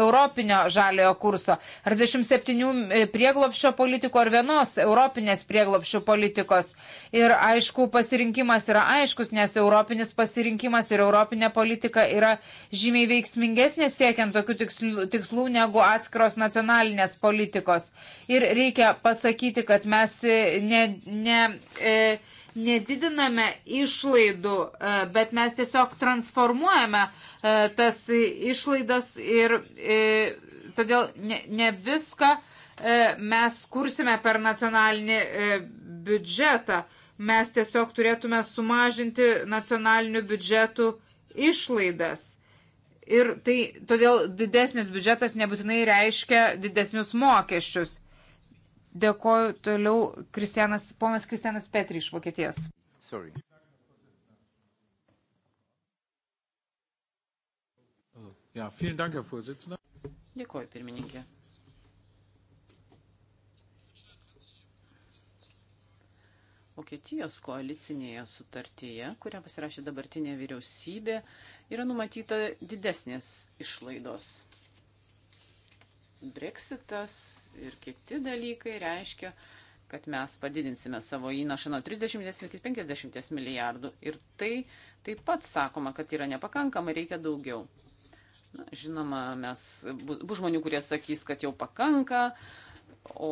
europinio žaliojo kurso, ar 27 e, prieglopščio politikų ar vienos europinės prieglopščio politikos. Ir aišku, pasirinkimas yra aiškus, nes europinis pasirinkimas ir europinė politika yra žymiai veiksmingesnė siekiant tokių tikslų, tikslų negu atskiros nacionalinės politikos. Ir reikia pasakyti, kad mes e, ne. ne e, nedidiname išlaidų, e, bet mes tiesiog transformuojame e, tas išlaidas ir e, todėl ne, ne viską mes kursime per nacionalinį biudžetą. Mes tiesiog turėtume sumažinti nacionalinių biudžetų išlaidas. Ir tai todėl didesnis biudžetas nebūtinai reiškia didesnius mokesčius. Dėkoju toliau Kristianas, ponas Kristianas Petri iš Vokietijos. Sorry. Ja, vielen Dank, Herr Vorsitzender. Dėkoju, pirmininkė. Vokietijos koalicinėje sutartyje, kurią pasirašė dabartinė vyriausybė, yra numatyta didesnės išlaidos Brexitas ir kiti dalykai reiškia, kad mes padidinsime savo įnašą nuo 30 iki 50 milijardų. Ir tai taip pat sakoma, kad yra nepakankama, reikia daugiau. Na, žinoma, mes, bus, bus žmonių, kurie sakys, kad jau pakanka, O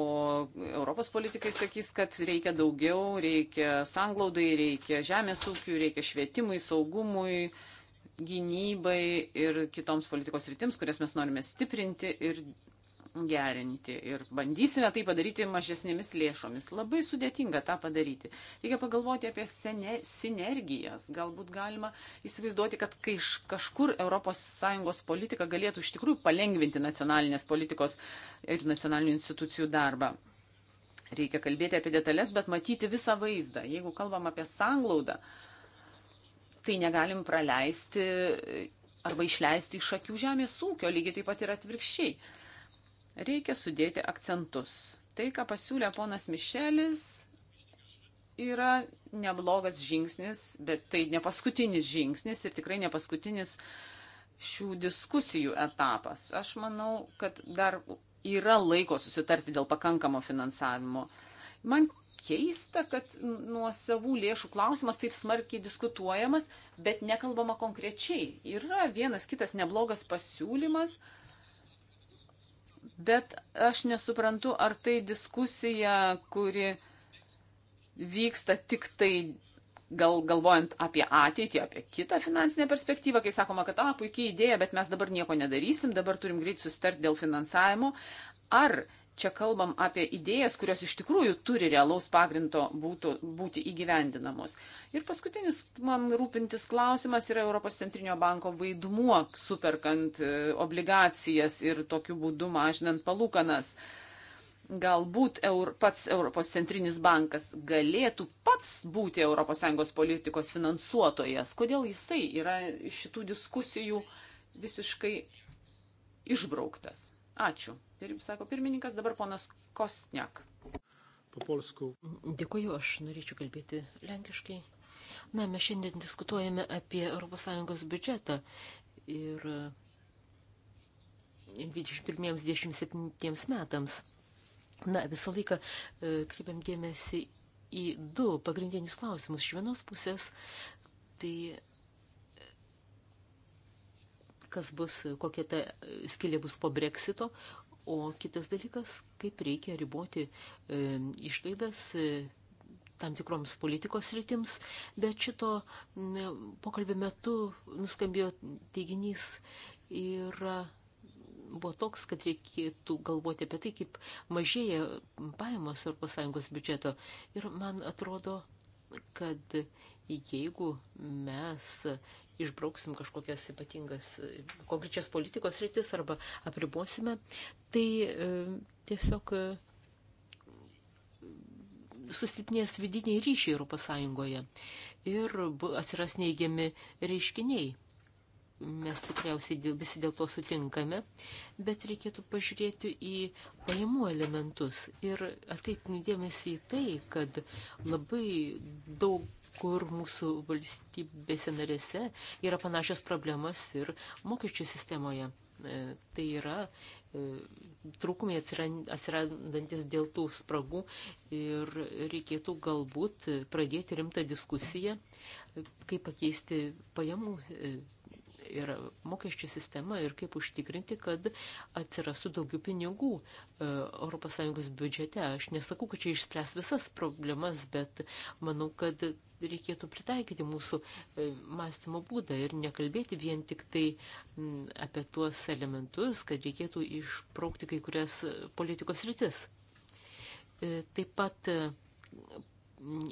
Europos politikai sakys, kad reikia daugiau, reikia sanglaudai, reikia žemės ūkiui, reikia švietimui, saugumui, gynybai ir kitoms politikos rytims, kurias mes norime stiprinti ir gerinti ir bandysime tai padaryti mažesnėmis lėšomis. Labai sudėtinga tą padaryti. Reikia pagalvoti apie sene, sinergijas. Galbūt galima įsivaizduoti, kad kažkur ES politika galėtų iš tikrųjų palengvinti nacionalinės politikos ir nacionalinių institucijų darbą. Reikia kalbėti apie detalės, bet matyti visą vaizdą. Jeigu kalbam apie sanglaudą, tai negalim praleisti arba išleisti iš akių žemės ūkio, lygiai taip pat ir atvirkščiai reikia sudėti akcentus. Tai, ką pasiūlė ponas Mišelis, yra neblogas žingsnis, bet tai ne paskutinis žingsnis ir tikrai ne paskutinis šių diskusijų etapas. Aš manau, kad dar yra laiko susitarti dėl pakankamo finansavimo. Man keista, kad nuo savų lėšų klausimas taip smarkiai diskutuojamas, bet nekalbama konkrečiai. Yra vienas kitas neblogas pasiūlymas, uh, bet aš nesuprantu, ar tai diskusija, kuri vyksta tik tai gal, galvojant apie ateitį, apie kitą finansinę perspektyvą, kai sakoma, kad, a, puikiai idėja, bet mes dabar nieko nedarysim, dabar turim greit susitarti dėl finansavimo. Ar čia kalbam apie idėjas, kurios iš tikrųjų turi realaus pagrindo būtų, būti įgyvendinamos. Ir paskutinis man rūpintis klausimas yra Europos centrinio banko vaidmuo, superkant e, obligacijas ir tokiu būdu mažinant palūkanas. Galbūt eur, pats Europos centrinis bankas galėtų pats būti ES politikos finansuotojas. Kodėl jisai yra iš šitų diskusijų visiškai išbrauktas? Ačiū. Ir jums sako pirmininkas, dabar ponas Kostniak. Po polsku. Dėkuoju, aš norėčiau kalbėti lenkiškai. Na, mes šiandien diskutuojame apie ES biudžetą ir 21-27 metams. Na, visą laiką e, kreipiam dėmesį į du pagrindinius klausimus. Iš vienos pusės, tai kas bus, kokia ta skilė bus po breksito, o kitas dalykas, kaip reikia riboti e, išlaidas e, tam tikroms politikos rytims, bet šito e, pokalbio metu nuskambėjo teiginys ir buvo toks, kad reikėtų galvoti apie tai, kaip mažėja pajamos Europos Sąjungos biudžeto. Ir man atrodo, kad jeigu mes išbrauksim kažkokias ypatingas konkrečias politikos rytis arba apribosime, tai e, tiesiog e, sustiprės vidiniai ryšiai Europos Sąjungoje ir atsiras neigiami reiškiniai mes tikriausiai dėl, visi dėl to sutinkame, bet reikėtų pažiūrėti į pajamų elementus ir atkreipti dėmesį į tai, kad labai daug kur mūsų valstybėse narėse yra panašios problemas ir mokesčių sistemoje. E, tai yra e, trūkumai atsirandantis dėl tų spragų ir reikėtų galbūt pradėti rimtą diskusiją, kaip pakeisti pajamų e, yra mokesčių sistema ir kaip užtikrinti, kad atsirastų daugiau pinigų e, ES biudžete. Aš nesakau, kad čia išspręs visas problemas, bet manau, kad reikėtų pritaikyti mūsų e, mąstymo būdą ir nekalbėti vien tik tai apie tuos elementus, kad reikėtų išpraukti kai kurias politikos rytis. E, taip pat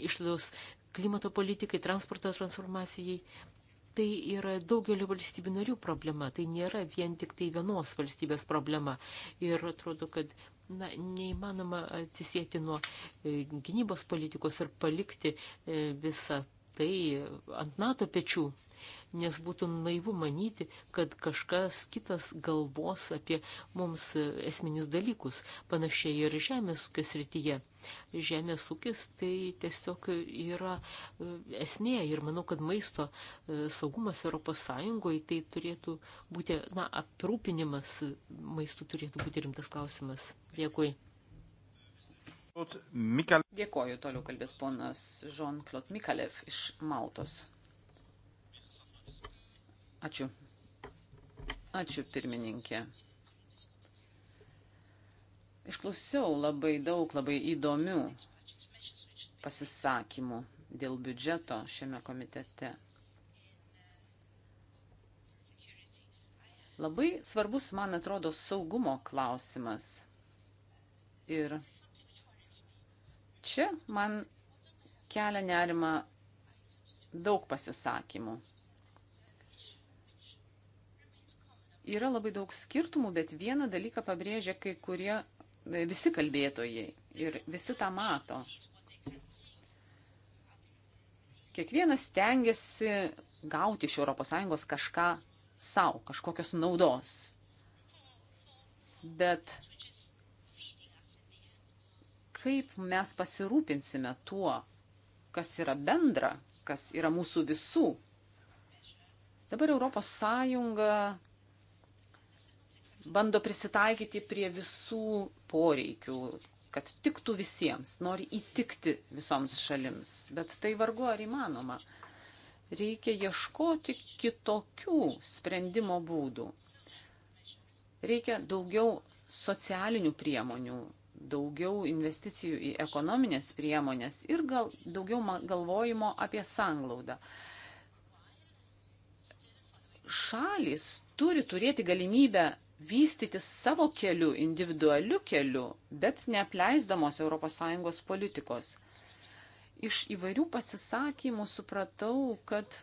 išlaidos klimato politikai, transporto transformacijai, tai yra daugelio valstybių narių problema, tai nėra vien tik tai vienos valstybės problema. Ir atrodo, kad na, neįmanoma atsisėti nuo e, gynybos politikos ir palikti e, visą tai ant NATO pečių, nes būtų naivu manyti, kad kažkas kitas galvos apie mums esminius dalykus. Panašiai ir žemės ūkės rytyje. Žemės ūkis tai tiesiog yra e, esmė ir manau, kad maisto e, saugumas ES tai turėtų būti, na, aprūpinimas maistų turėtų būti rimtas klausimas. Dėkui. Dėkoju, toliau kalbės ponas Jean-Claude Mikalev iš Maltos. Ačiū. Ačiū, pirmininkė. Išklausiau labai daug labai įdomių pasisakymų dėl biudžeto šiame komitete. Labai svarbus, man atrodo, saugumo klausimas. Ir Čia man kelia nerima daug pasisakymų. Yra labai daug skirtumų, bet vieną dalyką pabrėžia kai kurie e, visi kalbėtojai ir visi tą mato. Kiekvienas stengiasi gauti iš ES kažką savo, kažkokios naudos. Bet kaip mes pasirūpinsime tuo, kas yra bendra, kas yra mūsų visų. Dabar Europos Sąjunga bando prisitaikyti prie visų poreikių, kad tiktų visiems, nori įtikti visoms šalims, bet tai vargu ar įmanoma. Reikia ieškoti kitokių sprendimo būdų. Reikia daugiau socialinių priemonių, daugiau investicijų į ekonominės priemonės ir gal, daugiau galvojimo apie sanglaudą. Šalis turi turėti galimybę vystytis savo keliu, individualiu keliu, bet neapleisdamos ES politikos. Iš įvairių pasisakymų supratau, kad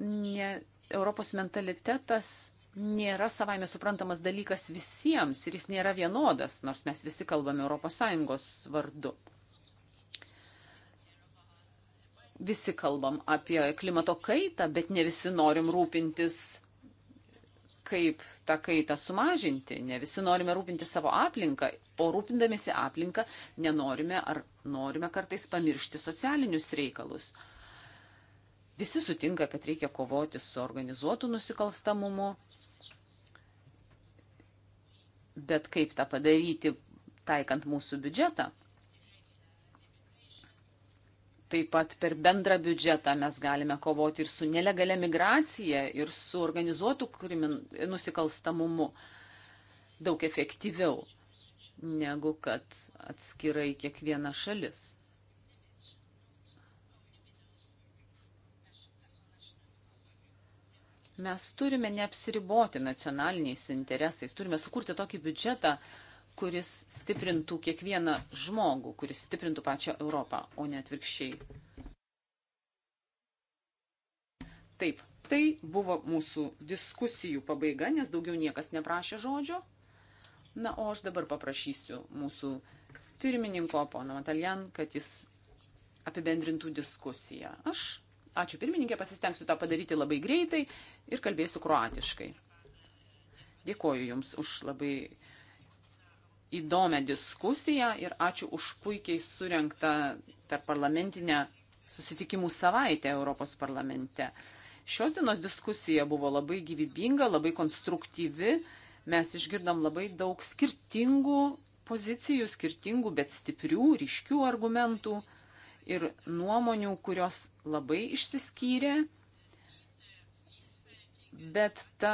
ne, Europos mentalitetas nėra savaime suprantamas dalykas visiems ir jis nėra vienodas, nors mes visi kalbame ES vardu. Visi kalbam apie klimato kaitą, bet ne visi norim rūpintis, kaip tą kaitą sumažinti, ne visi norime rūpinti savo aplinką, o rūpindamėsi aplinką nenorime ar norime kartais pamiršti socialinius reikalus. Visi sutinka, kad reikia kovoti su organizuotu nusikalstamumu, Bet kaip tą padaryti, taikant mūsų biudžetą? Taip pat per bendrą biudžetą mes galime kovoti ir su nelegalia migracija, ir su organizuotu krimin... nusikalstamumu daug efektyviau negu kad atskirai kiekviena šalis. Mes turime neapsiriboti nacionaliniais interesais, turime sukurti tokį biudžetą, kuris stiprintų kiekvieną žmogų, kuris stiprintų pačią Europą, o ne atvirkščiai. Taip, tai buvo mūsų diskusijų pabaiga, nes daugiau niekas neprašė žodžio. Na, o aš dabar paprašysiu mūsų pirmininko, pono Matalian, kad jis apibendrintų diskusiją. Aš Ačiū pirmininkė, pasistengsiu tą padaryti labai greitai ir kalbėsiu kroatiškai. Dėkoju Jums už labai įdomią diskusiją ir ačiū už puikiai surinktą tarp parlamentinę susitikimų savaitę Europos parlamente. Šios dienos diskusija buvo labai gyvybinga, labai konstruktyvi. Mes išgirdom labai daug skirtingų pozicijų, skirtingų, bet stiprių, ryškių argumentų ir nuomonių, kurios labai išsiskyrė, bet ta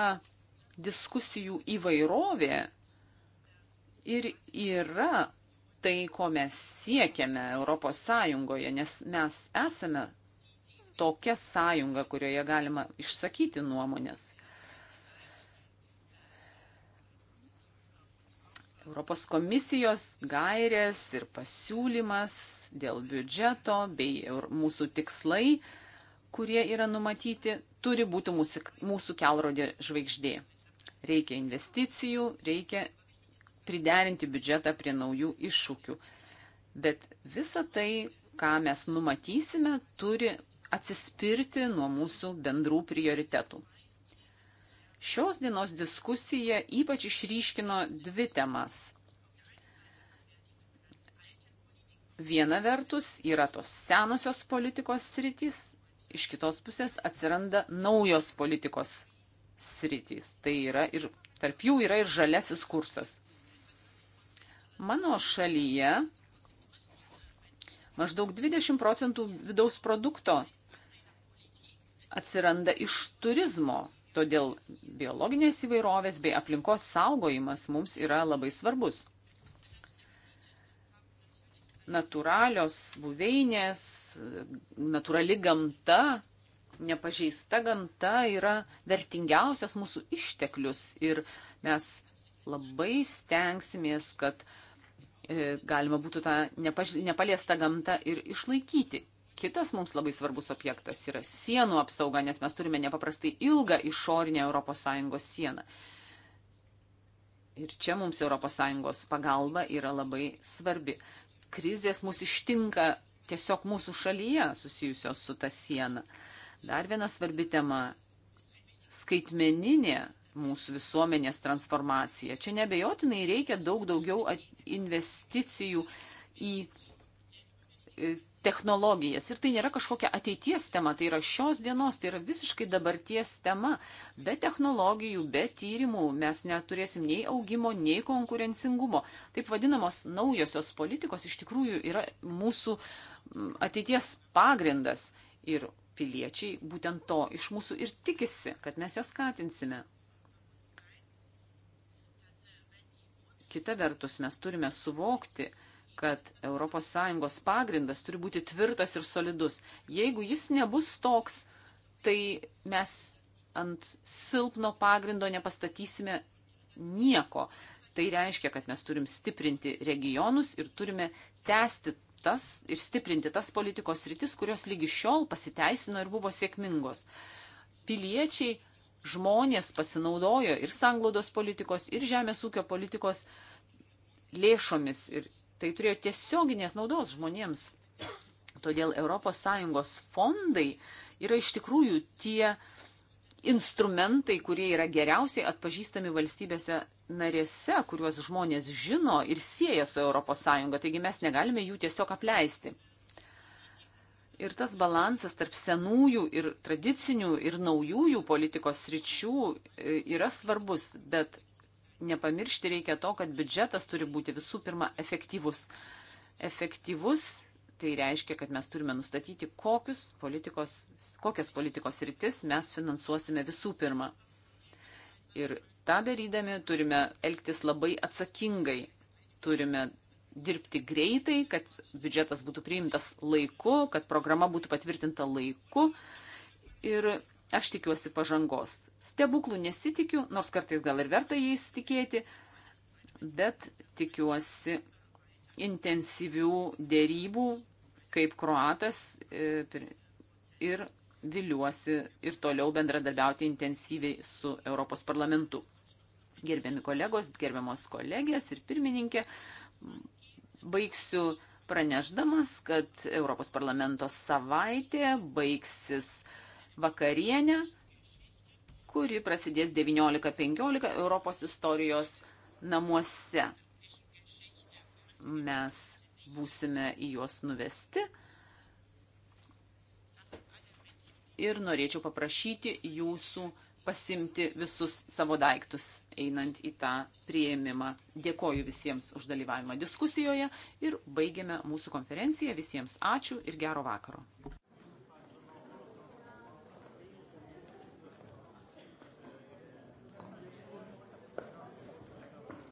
diskusijų įvairovė ir yra tai, ko mes siekiame Europos Sąjungoje, nes mes esame tokia sąjunga, kurioje galima išsakyti nuomonės. Europos komisijos gairės ir pasiūlymas dėl biudžeto bei mūsų tikslai, kurie yra numatyti, turi būti mūsų, mūsų kelrodė žvaigždė. Reikia investicijų, reikia priderinti biudžetą prie naujų iššūkių. Bet visa tai, ką mes numatysime, turi atsispirti nuo mūsų bendrų prioritetų. Šios dienos diskusija ypač išryškino dvi temas. Viena vertus yra tos senosios politikos sritys, iš kitos pusės atsiranda naujos politikos sritys. Tai yra ir tarp jų yra ir žalesis kursas. Mano šalyje maždaug 20 procentų vidaus produkto atsiranda iš turizmo. Todėl biologinės įvairovės bei aplinkos saugojimas mums yra labai svarbus. Naturalios buveinės, natūrali gamta, nepažeista gamta yra vertingiausias mūsų išteklius ir mes labai stengsimės, kad e, galima būtų tą nepaliestą gamtą ir išlaikyti. Kitas mums labai svarbus objektas yra sienų apsauga, nes mes turime nepaprastai ilgą išorinę ES sieną. Ir čia mums ES pagalba yra labai svarbi. Krizės mus ištinka tiesiog mūsų šalyje susijusios su ta siena. Dar viena svarbi tema - skaitmeninė mūsų visuomenės transformacija. Čia nebejotinai reikia daug daugiau investicijų į e, technologijas. Ir tai nėra kažkokia ateities tema, tai yra šios dienos, tai yra visiškai dabarties tema. Be technologijų, be tyrimų mes neturėsim nei augimo, nei konkurencingumo. Taip vadinamos naujosios politikos iš tikrųjų yra mūsų mm, ateities pagrindas. Ir piliečiai būtent to iš mūsų ir tikisi, kad mes ją skatinsime. Kita vertus, mes turime suvokti, kad ES pagrindas turi būti tvirtas ir solidus. Jeigu jis nebus toks, tai mes ant silpno pagrindo nepastatysime nieko. Tai reiškia, kad mes turim stiprinti regionus ir turime tęsti tas ir stiprinti tas politikos rytis, kurios lygi šiol pasiteisino ir buvo sėkmingos. Piliečiai, žmonės pasinaudojo ir sanglaudos politikos, ir žemės ūkio politikos lėšomis ir tai turėjo tiesioginės naudos žmonėms. Todėl ES fondai yra iš tikrųjų tie instrumentai, kurie yra geriausiai atpažįstami valstybėse narėse, kuriuos žmonės žino ir sieja su ES, taigi mes negalime jų tiesiog apleisti. Ir tas balansas tarp senųjų ir tradicinių ir naujųjų politikos sričių e, yra svarbus, bet nepamiršti reikia to, kad biudžetas turi būti visų pirma efektyvus. Efektyvus tai reiškia, kad mes turime nustatyti, politikos, kokias politikos rytis mes finansuosime visų pirma. Ir tą darydami turime elgtis labai atsakingai. Turime dirbti greitai, kad biudžetas būtų priimtas laiku, kad programa būtų patvirtinta laiku. Ir Aš tikiuosi pažangos. Stebuklų nesitikiu, nors kartais gal ir verta jais tikėti, bet tikiuosi intensyvių dėrybų kaip kroatas e, ir viliuosi ir toliau bendradarbiauti intensyviai su Europos parlamentu. Gerbiami kolegos, gerbiamos kolegės ir pirmininkė, baigsiu pranešdamas, kad Europos parlamento savaitė baigsis uh, vakarienę, kuri prasidės 19.15 Europos istorijos namuose. Mes būsime į juos nuvesti ir norėčiau paprašyti jūsų pasimti visus savo daiktus einant į tą prieimimą. Dėkoju visiems už dalyvavimą diskusijoje ir baigiame mūsų konferenciją. Visiems ačiū ir gero vakaro.